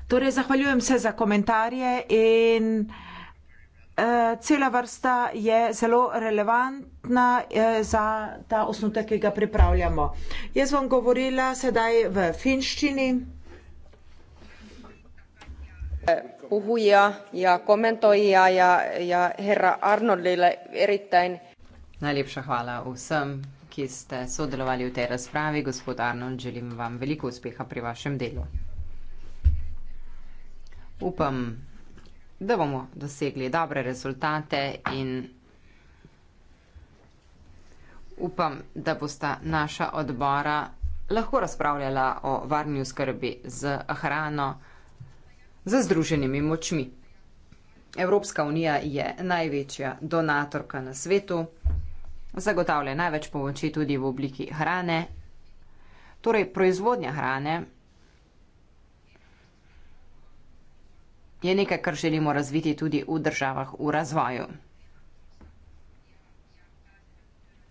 Torej, zahvaljujem se za komentarje in uh, cela vrsta je zelo relevantna uh, za ta osnutek, ki ga pripravljamo. Jaz bom govorila sedaj v finščini. Puhuja ja komentoja ja, ja herra Arnoldile eritajn. Najlepša hvala vsem, ki ste sodelovali v tej razpravi. Gospod Arnold, želim vam veliko uspeha pri vašem delu upam, da bomo dosegli dobre rezultate in upam, da bosta naša odbora lahko razpravljala o varni skrbi z hrano za združenimi močmi. Evropska unija je največja donatorka na svetu, zagotavlja največ pomoči tudi v obliki hrane, torej proizvodnja hrane. je nekaj, kar želimo razviti tudi v državah v razvoju.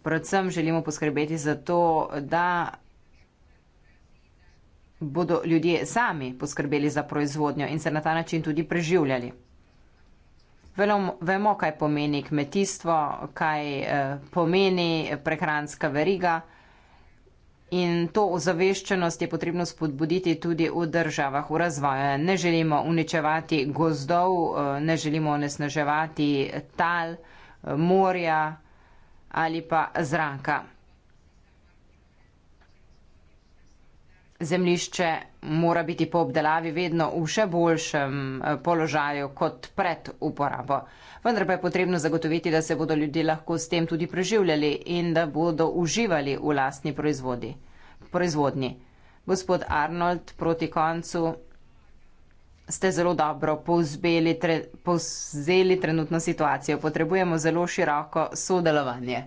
Predvsem želimo poskrbeti za to, da bodo ljudje sami poskrbeli za proizvodnjo in se na ta način tudi preživljali. Vemo, kaj pomeni kmetijstvo, kaj eh, pomeni prehranska veriga. In to ozaveščenost je potrebno spodbuditi tudi v državah v razvoju. Ne želimo uničevati gozdov, eh, ne želimo onesnaževati tal, eh, morja ali pa zraka. zemljišče mora biti po obdelavi vedno v še boljšem eh, položaju kot pred uporabo. Vendar pa je potrebno zagotoviti, da se bodo ljudje lahko s tem tudi preživljali in da bodo uživali v lastni proizvodni. Gospod Arnold, proti koncu ste zelo dobro povzbeli, tre, povzeli trenutno situacijo. Potrebujemo zelo široko sodelovanje.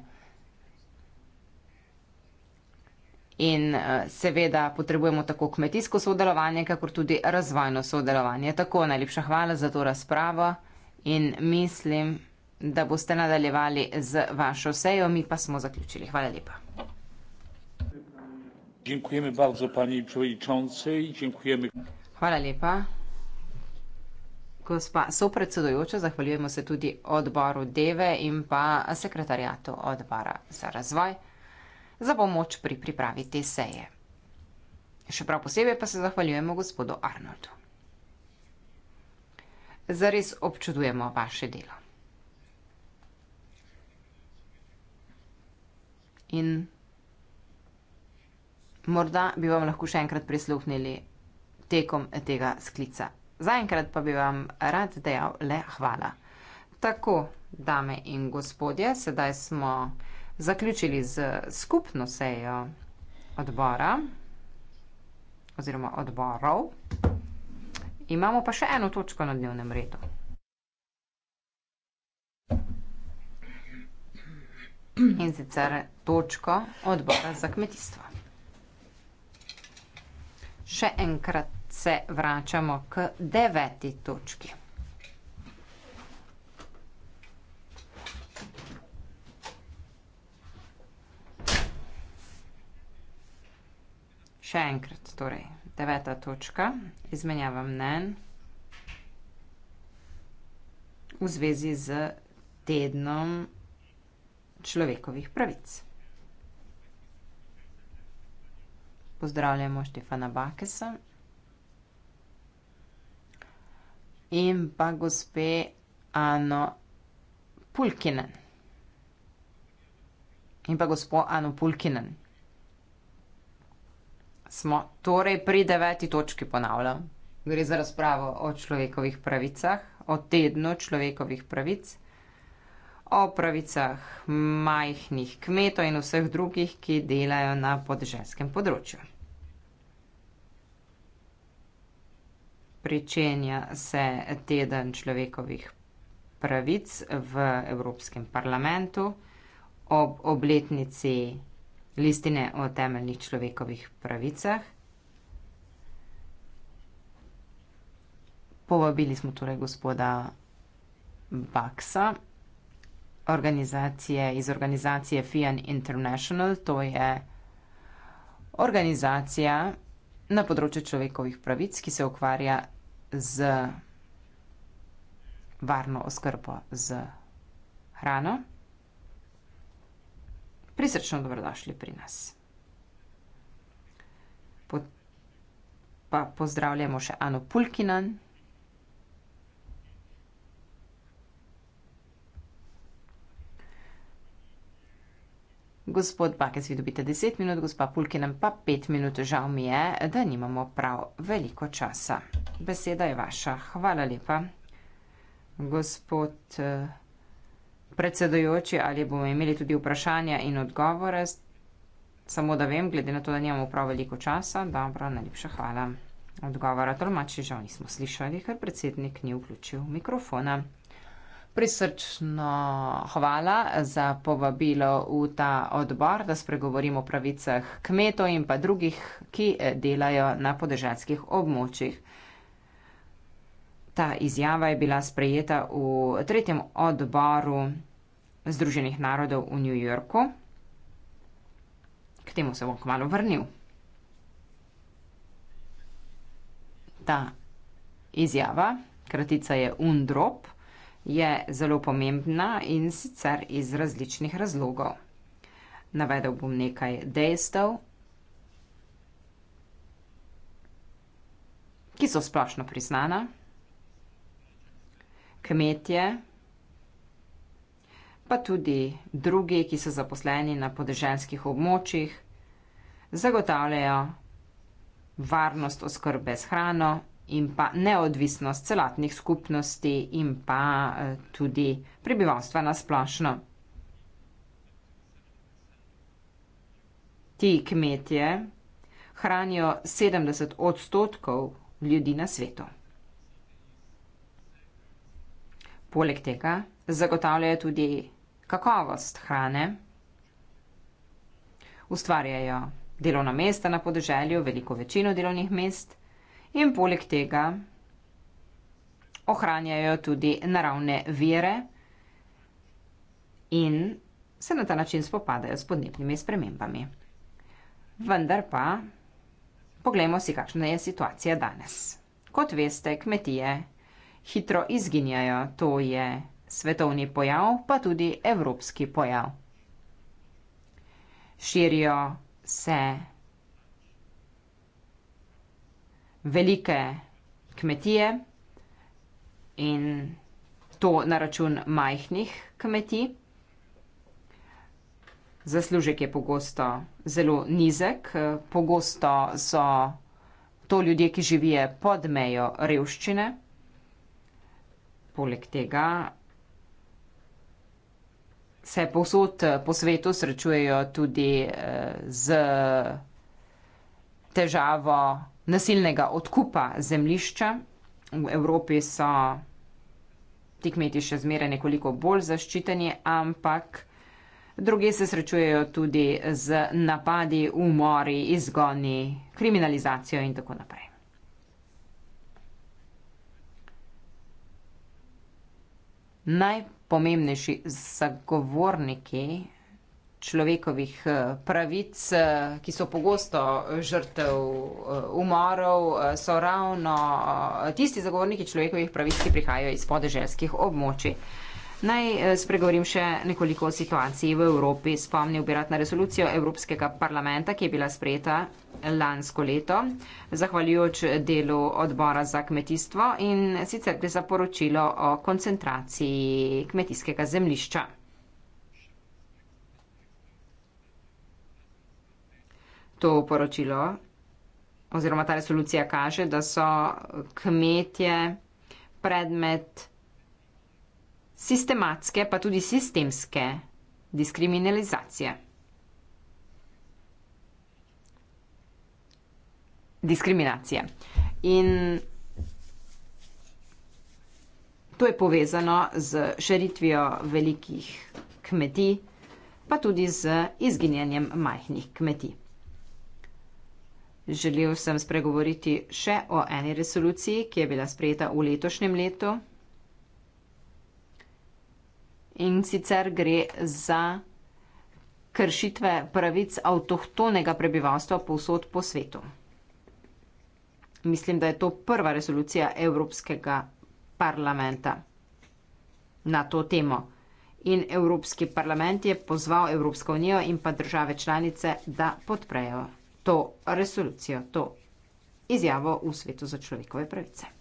in eh, seveda potrebujemo tako kmetijsko sodelovanje, kakor tudi razvojno sodelovanje. Tako najlepša hvala za to razpravo in mislim, da boste nadaljevali z vašo sejo, mi pa smo zaključili. Hvala lepa. Dziękujemy bardzo pani przewodniczącej. Dziękujemy. Hvala lepa. Gospa sopredsedujoča, zahvaljujemo se tudi odboru Deve in pa sekretarijatu odbora za razvoj za pomoč pri pripravi te seje. Še prav posebej pa se zahvaljujemo gospodu Arnoldu. Zares občudujemo vaše delo. In morda bi vam lahko še enkrat prisluhnili tekom tega sklica. Zaenkrat pa bi vam rad dejal le hvala. Tako, dame in gospodje, sedaj smo zaključili z skupno sejo odbora oziroma odborov. Imamo pa še eno točko na dnevnem redu. In sicer točko odbora za kmetijstvo. Še enkrat se vračamo k deveti točki. še enkrat, torej deveta točka, izmenjava mnen v zvezi z tednom človekovih pravic. Pozdravljamo Štefana Bakesa in pa gospe Ano Pulkinen. In pa gospod Ano Pulkinen smo torej pri deveti točki ponavljam. Gre za razpravo o človekovih pravicah, o tednu človekovih pravic, o pravicah majhnih kmetov in vseh drugih, ki delajo na podeželskem področju. Pričenja se teden človekovih pravic v Evropskem parlamentu ob obletnici listine o temeljnih človekovih pravicah. Povabili smo torej gospoda Baksa organizacije, iz organizacije FIAN International. To je organizacija na področju človekovih pravic, ki se ukvarja z varno oskrbo z hrano prisrčno dobrodošli pri nas. Pot pa pozdravljamo še Ano Pulkinan. Gospod Bakec, vi dobite 10 minut, gospa Pulkinan pa 5 minut. Žal mi je, da nimamo prav veliko časa. Beseda je vaša. Hvala lepa. Gospod. Uh, predsedojoči, ali bomo imeli tudi vprašanja in odgovore. Samo da vem, glede na to, da nimamo prav veliko časa, dobro, najlepša hvala. Odgovora tolmači žal nismo slišali, ker predsednik ni vključil mikrofona. Prisrčno hvala za povabilo v ta odbor, da spregovorimo o pravicah kmetov in pa drugih, ki eh, delajo na podeželskih območjih. Ta izjava je bila sprejeta v tretjem odboru Združenih narodov v New Yorku. K temu se bom kmalo vrnil. Ta izjava, kratica je UNDROP, je zelo pomembna in sicer iz različnih razlogov. Navedel bom nekaj dejstev, ki so splošno priznana. Kmetje, pa tudi drugi, ki so zaposleni na podeželskih območjih, zagotavljajo varnost oskrbe s hrano in pa neodvisnost celotnih skupnosti in pa eh, tudi prebivalstva na splošno. Ti kmetje hranijo 70 odstotkov ljudi na svetu. Poleg tega zagotavljajo tudi kakovost hrane. Ustvarjajo delovna mesta na podeželju, veliko večino delovnih mest in poleg tega ohranjajo tudi naravne vire in se na ta način spopadajo s podnebnimi spremembami. Vendar pa poglejmo si, kakšna je situacija danes. Kot veste, kmetije hitro izginjajo, to je svetovni pojav, pa tudi evropski pojav. Širijo se velike kmetije in to na račun majhnih kmetij. Zaslužek je pogosto zelo nizek, pogosto so to ljudje, ki živijo pod mejo revščine. Poleg tega se posod eh, po svetu srečujejo tudi eh, z težavo nasilnega odkupa zemlišča. V Evropi so ti kmeti še zmeraj nekoliko bolj zaščiteni, ampak druge se srečujejo tudi z napadi, umori, izgoni, kriminalizacijo in tako naprej. Najprej pomembnejši zagovorniki človekovih eh, pravic, eh, ki so pogosto eh, žrtev umorov, so ravno tisti zagovorniki človekovih pravic, ki prihajajo iz podeželskih območij. Naj eh, spregovorim še nekoliko o situaciji v Evropi. Spomnil bi rad na resolucijo Evropskega parlamenta, ki je bila sprejeta lansko leto, zahvaljujoč delu odbora za kmetijstvo in sicer gre za poročilo o koncentraciji kmetijskega zemlišča. To poročilo oziroma ta resolucija kaže, da so kmetje predmet sistematske pa tudi sistemske diskriminalizacije. Diskriminacije. In to je povezano z širitvijo velikih kmetij, pa tudi z izginjenjem majhnih kmetij. Želel sem spregovoriti še o eni resoluciji, ki je bila sprejeta v letošnjem letu in sicer gre za kršitve pravic avtohtonega prebivalstva povsod po svetu. Mislim, da je to prva resolucija Evropskega parlamenta na to temo. In Evropski parlament je pozval Evropsko unijo in pa države članice, da podprejo to resolucijo, to izjavo v svetu za človekove pravice.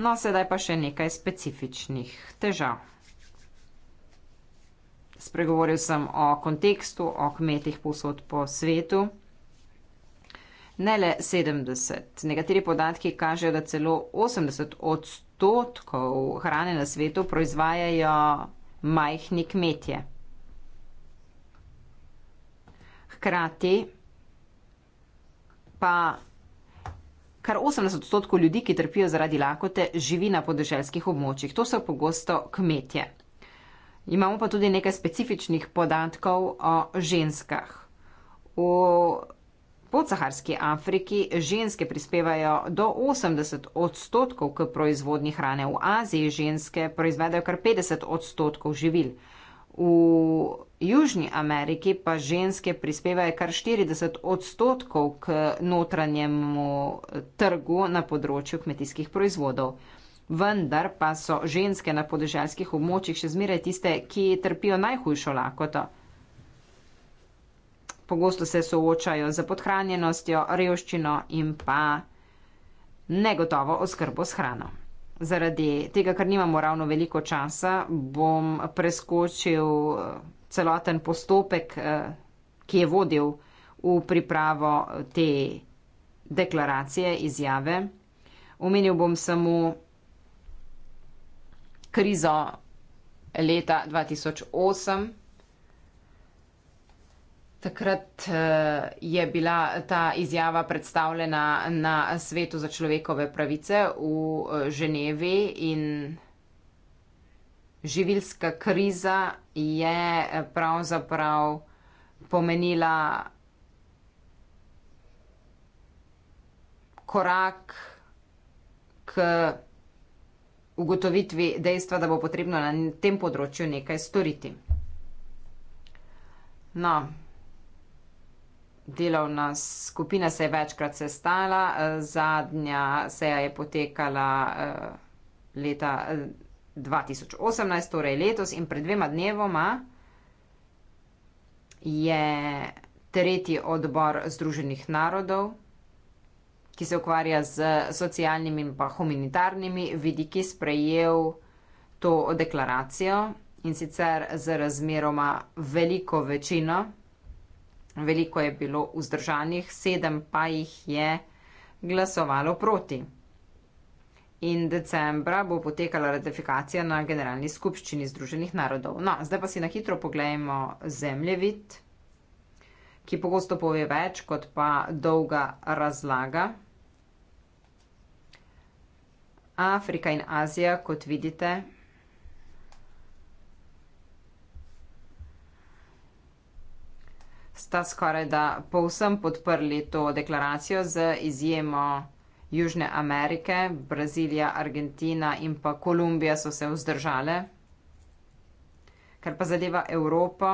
No, sedaj pa še nekaj specifičnih težav. Spregovoril sem o kontekstu, o kmetih posod po svetu. Ne le 70. Nekateri podatki kažejo, da celo 80 odstotkov hrane na svetu proizvajajo majhni kmetje. Hkrati pa Kar 80 odstotkov ljudi, ki trpijo zaradi lakote, živi na podeželskih območjih. To so pogosto kmetje. Imamo pa tudi nekaj specifičnih podatkov o ženskah. V podsaharski Afriki ženske prispevajo do 80 odstotkov k proizvodni hrane, v Aziji ženske proizvedajo kar 50 odstotkov živil. V Južni Ameriki pa ženske prispevajo kar 40 odstotkov k notranjemu eh, trgu na področju kmetijskih proizvodov. Vendar pa so ženske na podeželskih območjih še zmeraj tiste, ki trpijo najhujšo lakoto. Pogosto se soočajo z podhranjenostjo, revščino in pa negotovo oskrbo s hrano zaradi tega, ker nimamo ravno veliko časa, bom preskočil eh, celoten postopek, eh, ki je vodil v pripravo te deklaracije, izjave. Omenil bom samo krizo leta 2008. Takrat eh, je bila ta izjava predstavljena na svetu za človekove pravice v eh, Ženevi in živilska kriza je eh, pravzaprav pomenila korak k ugotovitvi dejstva, da bo potrebno na tem področju nekaj storiti. No, Delovna skupina se je večkrat sestala, zadnja seja je potekala eh, leta 2018, eh, torej letos in pred dvema dnevoma je tretji odbor Združenih narodov, ki se ukvarja z socialnimi in pa humanitarnimi vidiki, sprejel to deklaracijo in sicer z razmeroma veliko večino. Veliko je bilo vzdržanih, sedem pa jih je glasovalo proti. In decembra bo potekala ratifikacija na Generalni skupščini Združenih narodov. No, zdaj pa si na hitro pogledajmo zemljevid, ki pogosto pove več kot pa dolga razlaga. Afrika in Azija, kot vidite, sta skoraj da povsem podprli to deklaracijo z izjemo Južne Amerike, Brazilija, Argentina in pa Kolumbija so se vzdržale. Kar pa zadeva Evropo,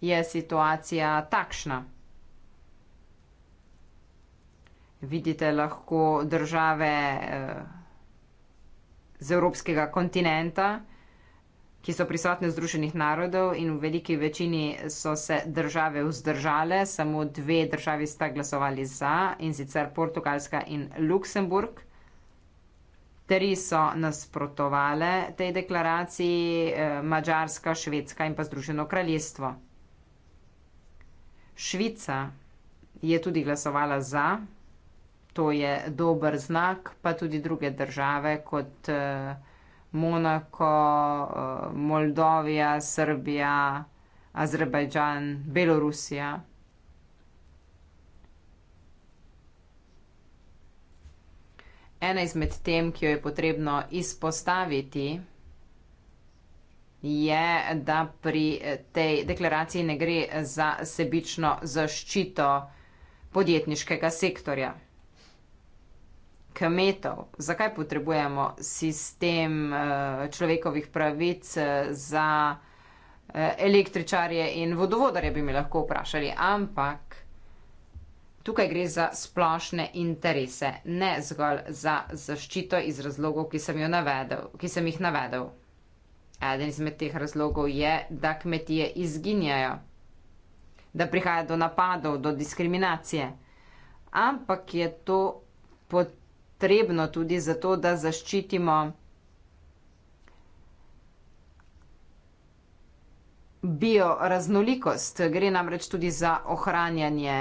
je situacija takšna. Vidite lahko države eh, z evropskega kontinenta, ki so prisotne v Združenih narodov in v veliki večini so se države vzdržale. Samo dve državi sta glasovali za in sicer Portugalska in Luksemburg. Tri so nasprotovale tej deklaraciji, eh, Mačarska, Švedska in pa Združeno kraljestvo. Švica je tudi glasovala za, to je dober znak, pa tudi druge države kot. Uh, Monako, eh, Moldovija, Srbija, Azerbajdžan, Belorusija. Ena izmed tem, ki jo je potrebno izpostaviti, je, da pri tej deklaraciji ne gre za sebično zaščito podjetniškega sektorja kmetov, zakaj potrebujemo sistem eh, človekovih pravic eh, za eh, električarje in vodovodarje, bi mi lahko vprašali, ampak tukaj gre za splošne interese, ne zgolj za zaščito iz razlogov, ki sem, navedel, ki sem jih navedel. Eden izmed teh razlogov je, da kmetije izginjajo, da prihaja do napadov, do diskriminacije. Ampak je to potrebno tudi zato, da zaščitimo bioraznolikost. Gre namreč tudi za ohranjanje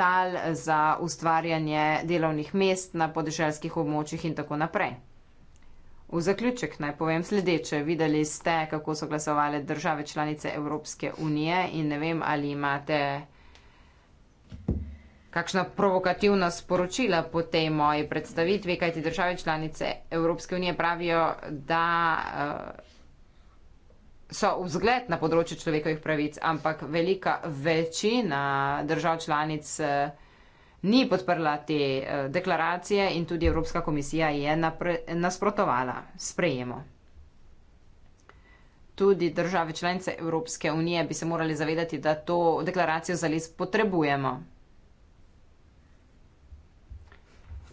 tal, za ustvarjanje delovnih mest na podeželskih območjih in tako naprej. V zaključek naj povem sledeče. Videli ste, kako so glasovali države članice Evropske unije in ne vem, ali imate kakšna provokativna sporočila po tej moji predstavitvi, kajti države članice Evropske unije pravijo, da eh, so vzgled na področju človekovih pravic, ampak velika večina držav članic eh, ni podprla te eh, deklaracije in tudi Evropska komisija je nasprotovala sprejemu. Tudi države članice Evropske unije bi se morali zavedati, da to deklaracijo za les potrebujemo.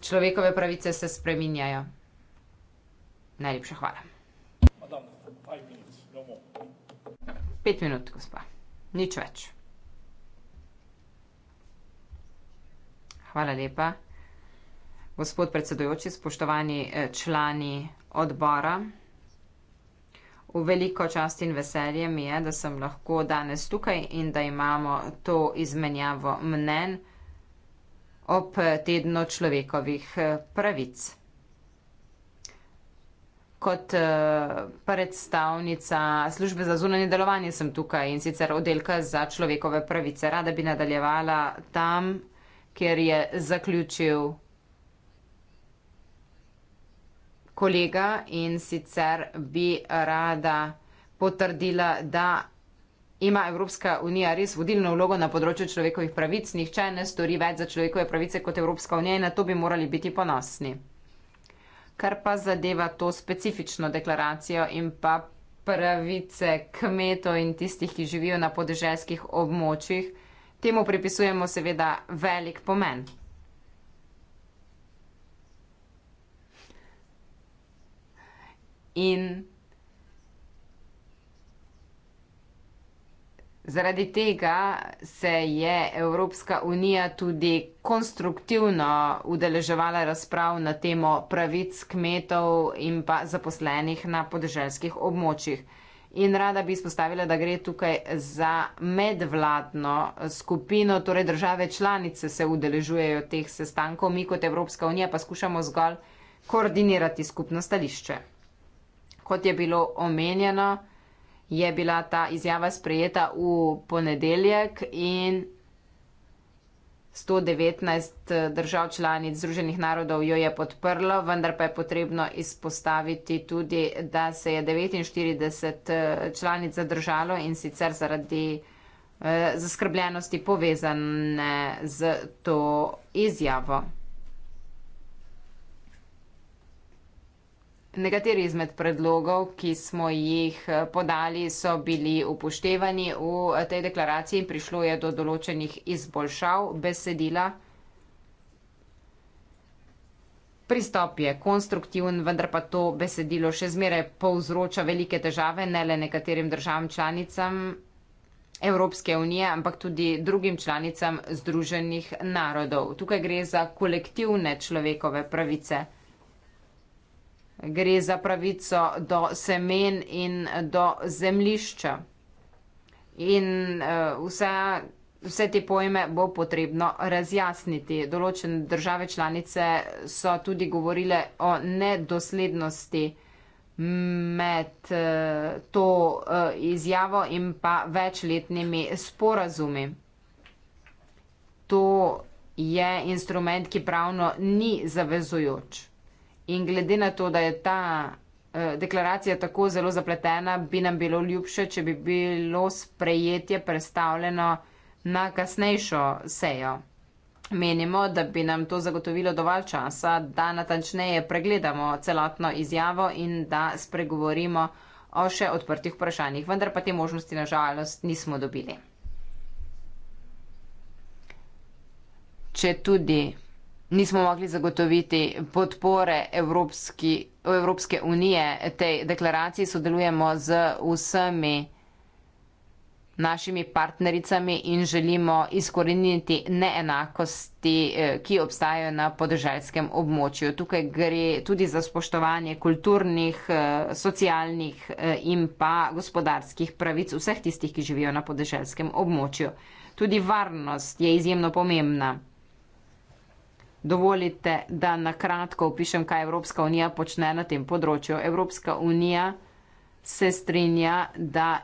človekove pravice se spreminjajo. Najlepša hvala. No Pet minut, gospa. Nič več. Hvala lepa. Gospod predsedujoči, spoštovani eh, člani odbora, v veliko čast in veselje mi je, da sem lahko danes tukaj in da imamo to izmenjavo mnen ob tednu človekovih eh, pravic. Kot eh, predstavnica službe za zunanje delovanje sem tukaj in sicer oddelka za človekove pravice. Rada bi nadaljevala tam, kjer je zaključil kolega in sicer bi rada potrdila, da ima Evropska unija res vodilno vlogo na področju človekovih pravic, nihče ne stori več za človekove pravice kot Evropska unija in na to bi morali biti ponosni. Kar pa zadeva to specifično deklaracijo in pa pravice kmetov in tistih, ki živijo na podeželskih območjih, temu pripisujemo seveda velik pomen. In Zaradi tega se je Evropska unija tudi konstruktivno udeleževala razprav na temo pravic kmetov in pa zaposlenih na podeželskih območjih. In rada bi izpostavila, da gre tukaj za medvladno skupino, torej države članice se udeležujejo teh sestankov, mi kot Evropska unija pa skušamo zgolj koordinirati skupno stališče. Kot je bilo omenjeno, je bila ta izjava sprejeta v ponedeljek in 119 eh, držav članic Združenih narodov jo je podprlo, vendar pa je potrebno izpostaviti tudi, da se je 49 eh, članic zadržalo in sicer zaradi eh, zaskrbljenosti povezane z to izjavo. Nekateri izmed predlogov, ki smo jih eh, podali, so bili upoštevani v eh, tej deklaraciji in prišlo je do določenih izboljšav besedila. Pristop je konstruktivn, vendar pa to besedilo še zmeraj povzroča velike težave ne le nekaterim državam članicam Evropske unije, ampak tudi drugim članicam Združenih narodov. Tukaj gre za kolektivne človekove pravice gre za pravico do semen in do zemlišča. In eh, vse, vse te pojme bo potrebno razjasniti. Določene države članice so tudi govorile o nedoslednosti med eh, to eh, izjavo in pa večletnimi sporazumi. To je instrument, ki pravno ni zavezujoč. In glede na to, da je ta eh, deklaracija tako zelo zapletena, bi nam bilo ljubše, če bi bilo sprejetje predstavljeno na kasnejšo sejo. Menimo, da bi nam to zagotovilo dovolj časa, da natančneje pregledamo celotno izjavo in da spregovorimo o še odprtih vprašanjih, vendar pa te možnosti nažalost nismo dobili. Če tudi nismo mogli zagotoviti podpore Evropski, Evropske unije tej deklaraciji, sodelujemo z vsemi našimi partnericami in želimo izkoreniti neenakosti, eh, ki obstajajo na podeželskem območju. Tukaj gre tudi za spoštovanje kulturnih, eh, socialnih eh, in pa gospodarskih pravic vseh tistih, ki živijo na podeželskem območju. Tudi varnost je izjemno pomembna. Dovolite, da na kratko opišem, kaj Evropska unija počne na tem področju. Evropska unija se strinja, da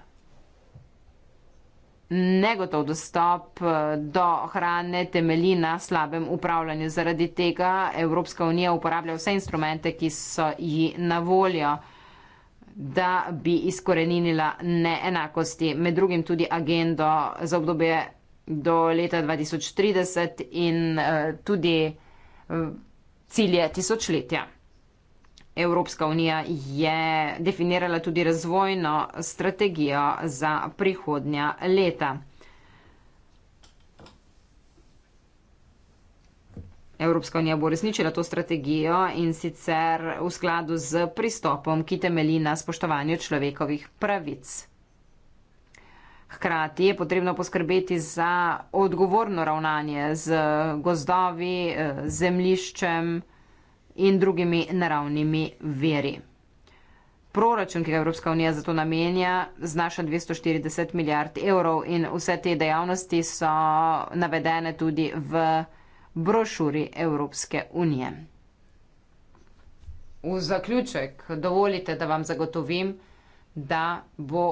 negotov dostop eh, do hrane temelji na slabem upravljanju. Zaradi tega Evropska unija uporablja vse instrumente, ki so ji na voljo da bi izkorenila neenakosti, med drugim tudi agendo za obdobje do leta 2030 in eh, tudi cilje tisočletja. Evropska unija je definirala tudi razvojno strategijo za prihodnja leta. Evropska unija bo resničila to strategijo in sicer v skladu z pristopom, ki temelji na spoštovanju človekovih pravic. Hkrati je potrebno poskrbeti za odgovorno ravnanje z gozdovi, eh, zemliščem in drugimi naravnimi veri. Proračun, ki ga Evropska unija za to namenja, znaša 240 milijard evrov in vse te dejavnosti so navedene tudi v brošuri Evropske unije. V zaključek dovolite, da vam zagotovim, da bo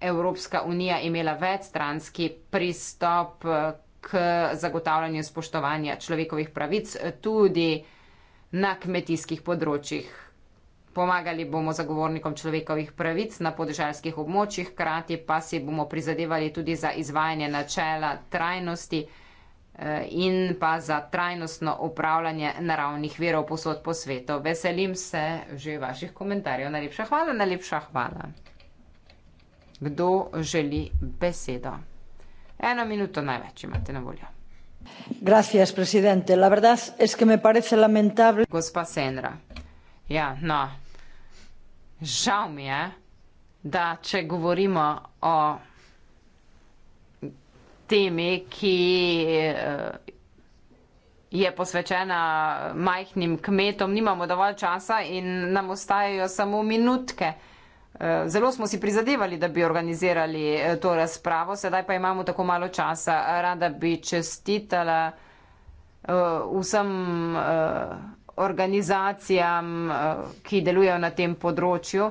Evropska unija imela večstranski pristop eh, k zagotavljanju spoštovanja človekovih pravic eh, tudi na kmetijskih področjih. Pomagali bomo zagovornikom človekovih pravic na podeželskih območjih, krati pa si bomo prizadevali tudi za izvajanje načela trajnosti eh, in pa za trajnostno upravljanje naravnih verov posod po svetu. Veselim se že vaših komentarjev. Najlepša hvala, najlepša hvala kdo želi besedo. Eno minuto največ imate na voljo. Gracias, presidente. La verdad es que me parece lamentable. Gospa Senra. Ja, no. Žal mi je, da če govorimo o temi, ki eh, je posvečena majhnim kmetom, nimamo dovolj časa in nam ostajajo samo minutke. Eh, zelo smo si prizadevali, da bi organizirali eh, to razpravo, sedaj pa imamo tako malo časa. Rada bi čestitala eh, vsem organizacijam, ki delujejo na tem področju.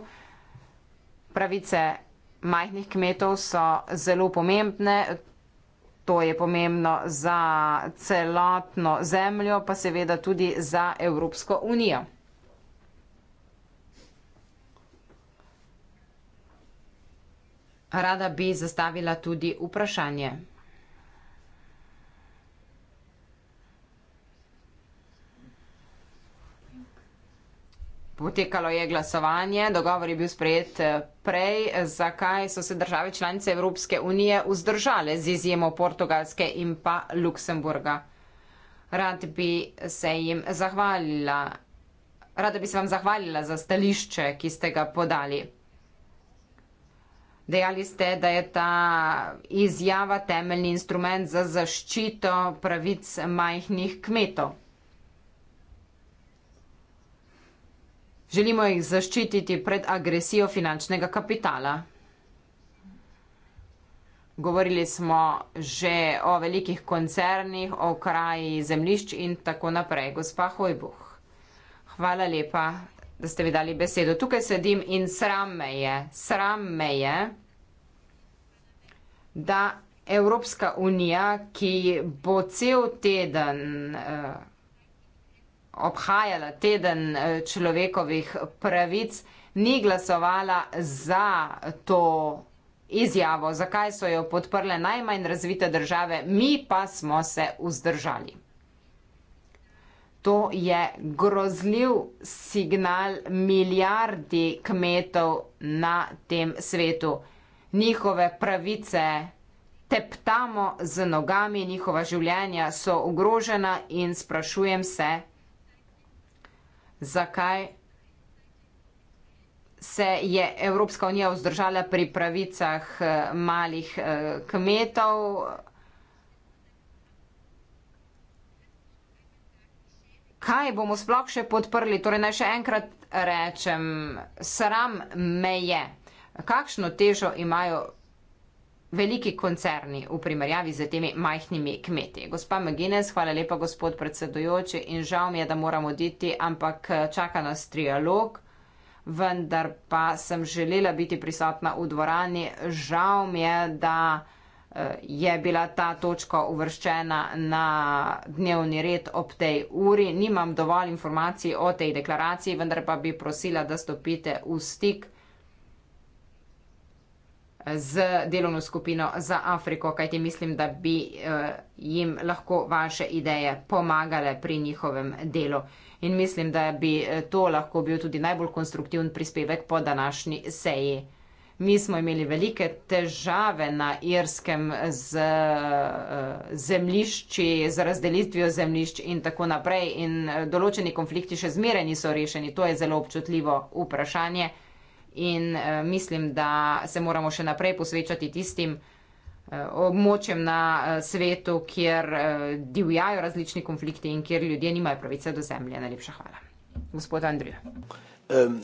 Pravice majhnih kmetov so zelo pomembne. To je pomembno za celotno zemljo, pa seveda tudi za Evropsko unijo. Rada bi zastavila tudi vprašanje. Potekalo je glasovanje, dogovor je bil sprejet eh, prej, zakaj so se države članice Evropske unije vzdržale z izjemo Portugalske in pa Luksemburga. Rad bi se jim zahvalila, rada bi se vam zahvalila za stališče, ki ste ga podali. Dejali ste, da je ta izjava temeljni instrument za zaščito pravic majhnih kmetov. Želimo jih zaščititi pred agresijo finančnega kapitala. Govorili smo že o velikih koncernih, o kraji zemlišč in tako naprej. Gospa Hojbuh, hvala lepa da ste mi dali besedo. Tukaj sedim in sram me je, sram me je, da Evropska unija, ki bo cel teden eh, obhajala, teden eh, človekovih pravic, ni glasovala za to izjavo, zakaj so jo podprle najmanj razvite države, mi pa smo se vzdržali. To je grozljiv signal milijardi kmetov na tem svetu. Njihove pravice teptamo z nogami, njihova življenja so ogrožena in sprašujem se, zakaj se je Evropska unija vzdržala pri pravicah eh, malih eh, kmetov. kaj bomo sploh še podprli. Torej, naj še enkrat rečem, sram me je, kakšno težo imajo veliki koncerni v primerjavi z temi majhnimi kmeti. Gospa Maginez, hvala lepa, gospod predsedujoči, in žal mi je, da moramo oditi, ampak čaka nas trialog. Vendar pa sem želela biti prisotna v dvorani. Žal mi je, da. Eh, je bila ta točka uvrščena na dnevni red ob tej uri. Nimam dovolj informacij o tej deklaraciji, vendar pa bi prosila, da stopite v stik eh, z delovno skupino za Afriko, kajti mislim, da bi eh, jim lahko vaše ideje pomagale pri njihovem delu. In mislim, da bi to lahko bil tudi najbolj konstruktivn prispevek po današnji seji. Mi smo imeli velike težave na Irskem z eh, zemlišči, z razdelitvijo zemlišč in tako naprej. In eh, določeni konflikti še zmeraj niso rešeni. To je zelo občutljivo vprašanje. In eh, mislim, da se moramo še naprej posvečati tistim območjem na svetu, kjer divjajo različni konflikti in kjer ljudje nimajo pravice do zemlje. Najlepša hvala. Gospod Andrija. Um,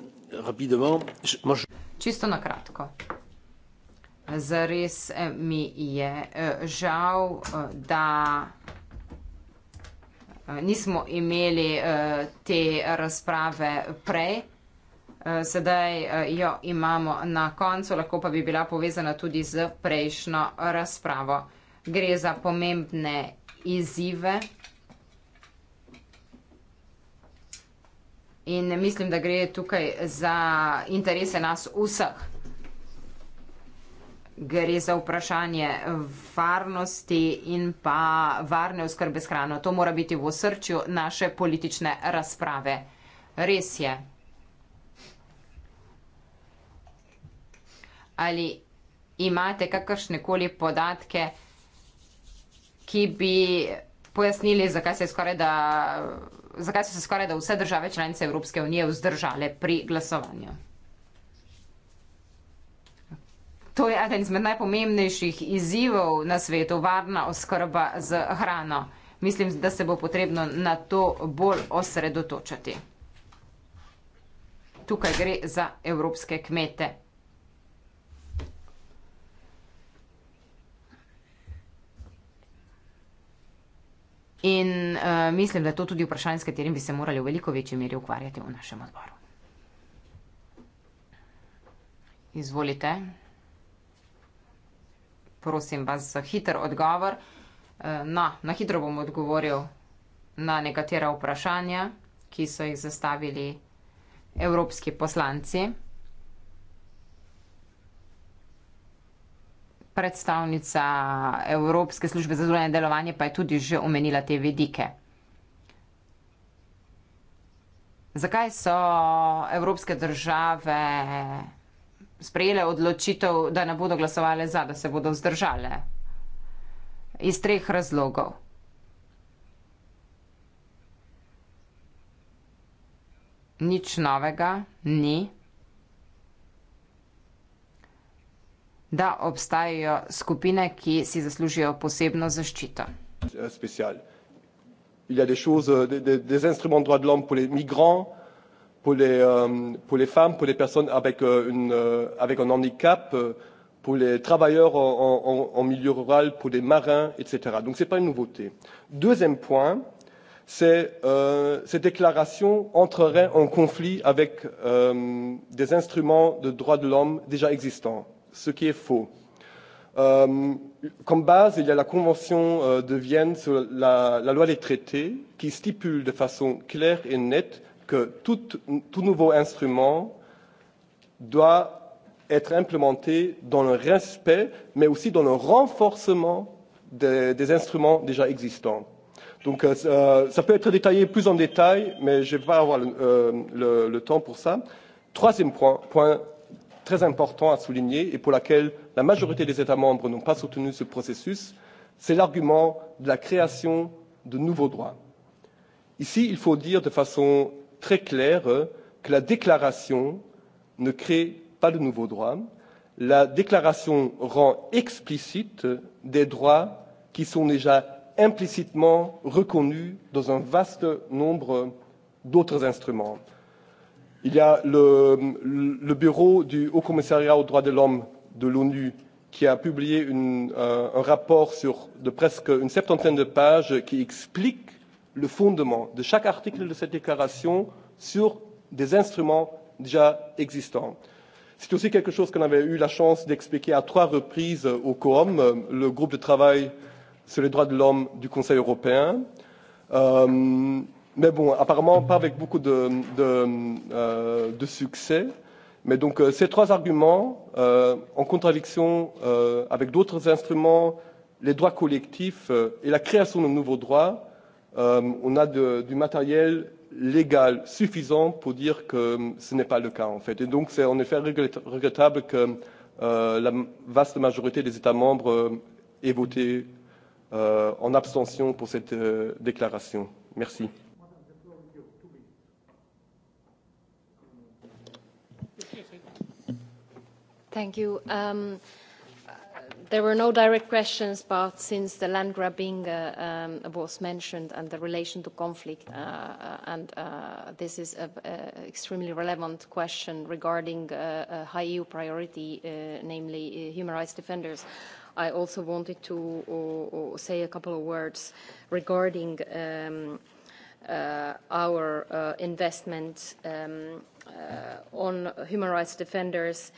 čisto na kratko. Zares eh, mi je eh, žal, eh, da nismo imeli te razprave prej. Sedaj jo imamo na koncu, lahko pa bi bila povezana tudi z prejšnjo razpravo. Gre za pomembne izzive. In mislim, da gre tukaj za interese nas vseh. Gre za vprašanje varnosti in pa varne oskrbe s hrano. To mora biti v osrčju naše politične razprave. Res je. Ali imate kakršnekoli podatke, ki bi pojasnili, zakaj se je skoraj da zakaj so se skoraj da vse države članice Evropske unije vzdržale pri glasovanju. To je eden izmed najpomembnejših izzivov na svetu, varna oskrba z hrano. Mislim, da se bo potrebno na to bolj osredotočati. Tukaj gre za evropske kmete. In uh, mislim, da je to tudi vprašanje, s katerim bi se morali v veliko večji meri ukvarjati v našem odboru. Izvolite. Prosim vas za hiter odgovor. Eh, na, no, na hitro bom odgovoril na nekatera vprašanja, ki so jih zastavili evropski poslanci. predstavnica Evropske službe za zunanje delovanje pa je tudi že omenila te vidike. Zakaj so evropske države sprejele odločitev, da ne bodo glasovali za, da se bodo vzdržale? Iz treh razlogov. Nič novega ni. da obstajajo skupine, ki si zaslužijo posebno zaščito. Il y a des choses, des, des instruments de droits de l'homme pour les migrants, pour les, euh, pour les femmes, pour les personnes avec, euh, une, euh, avec un handicap, euh, pour les travailleurs en, en, en milieu rural, pour les marins, etc. Donc ce n'est pas une nouveauté. Deuxième point, c'est euh, ces déclarations entreraient en conflit avec euh, des instruments de droits de l'homme déjà existants ce qui est faux. Euh, comme base, il y a la Convention euh, de Vienne sur la, la loi des traités qui stipule de façon claire et nette que tout, tout nouveau instrument doit être implémenté dans le respect, mais aussi dans le renforcement des, des instruments déjà existants. Donc euh, ça euh, peut être détaillé plus en détail, mais je ne vais pas avoir le, euh, le, le temps pour ça. Troisième point, point très important à souligner et pour laquelle la majorité des États membres n'ont pas soutenu ce processus, c'est l'argument de la création de nouveaux droits. Ici, il faut dire de façon très claire que la déclaration ne crée pas de nouveaux droits. La déclaration rend explicite des droits qui sont déjà implicitement reconnus dans un vaste nombre d'autres instruments. Il y a le, le bureau du Haut Commissariat aux droits de l'homme de l'ONU qui a publié une, euh, un rapport sur de presque une septantaine de pages qui explique le fondement de chaque article de cette déclaration sur des instruments déjà existants. C'est aussi quelque chose qu'on avait eu la chance d'expliquer à trois reprises au COOM, le groupe de travail sur les droits de l'homme du Conseil européen. Euh, Mais bon, apparemment pas avec beaucoup de, de, euh, de succès. Mais donc euh, ces trois arguments, euh, en contradiction euh, avec d'autres instruments, les droits collectifs euh, et la création de nouveaux droits, euh, on a de, du matériel légal suffisant pour dire que euh, ce n'est pas le cas en fait. Et donc c'est en effet regrettable que euh, la vaste majorité des États membres euh, aient voté euh, en abstention pour cette euh, déclaration. Merci. Thank you. Um, there were no direct questions, but since the land grabbing uh, um, was mentioned and the relation to conflict, uh, uh, and uh, this is an extremely relevant question regarding uh, a high EU priority, uh, namely uh, human rights defenders, I also wanted to uh, uh, say a couple of words regarding um, uh, our uh, investment um, uh, on human rights defenders. Uh,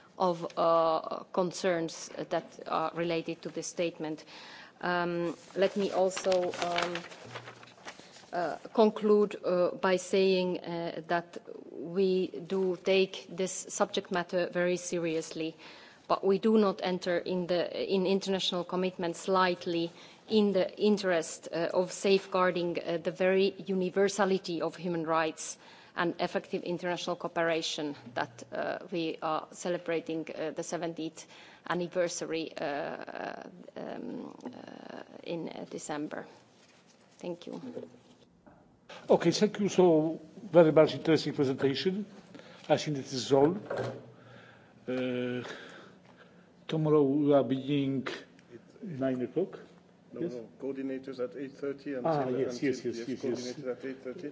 of uh, concerns that are related to this statement. Um, let me also um, uh, conclude uh, by saying uh, that we do take this subject matter very seriously, but we do not enter in, the, in international commitments lightly in the interest uh, of safeguarding uh, the very universality of human rights uh, and effective international cooperation that uh, we are celebrating uh, the 70th anniversary uh, um, uh, in uh, December. Thank you. Okay, thank you so very much. Interesting presentation. I think this is all. Uh, tomorrow we are beginning nine o'clock. No, yes? no, coordinators at 8.30. Ah, yes, yes, yes, yes, yes. Coordinators yes. at 8.30.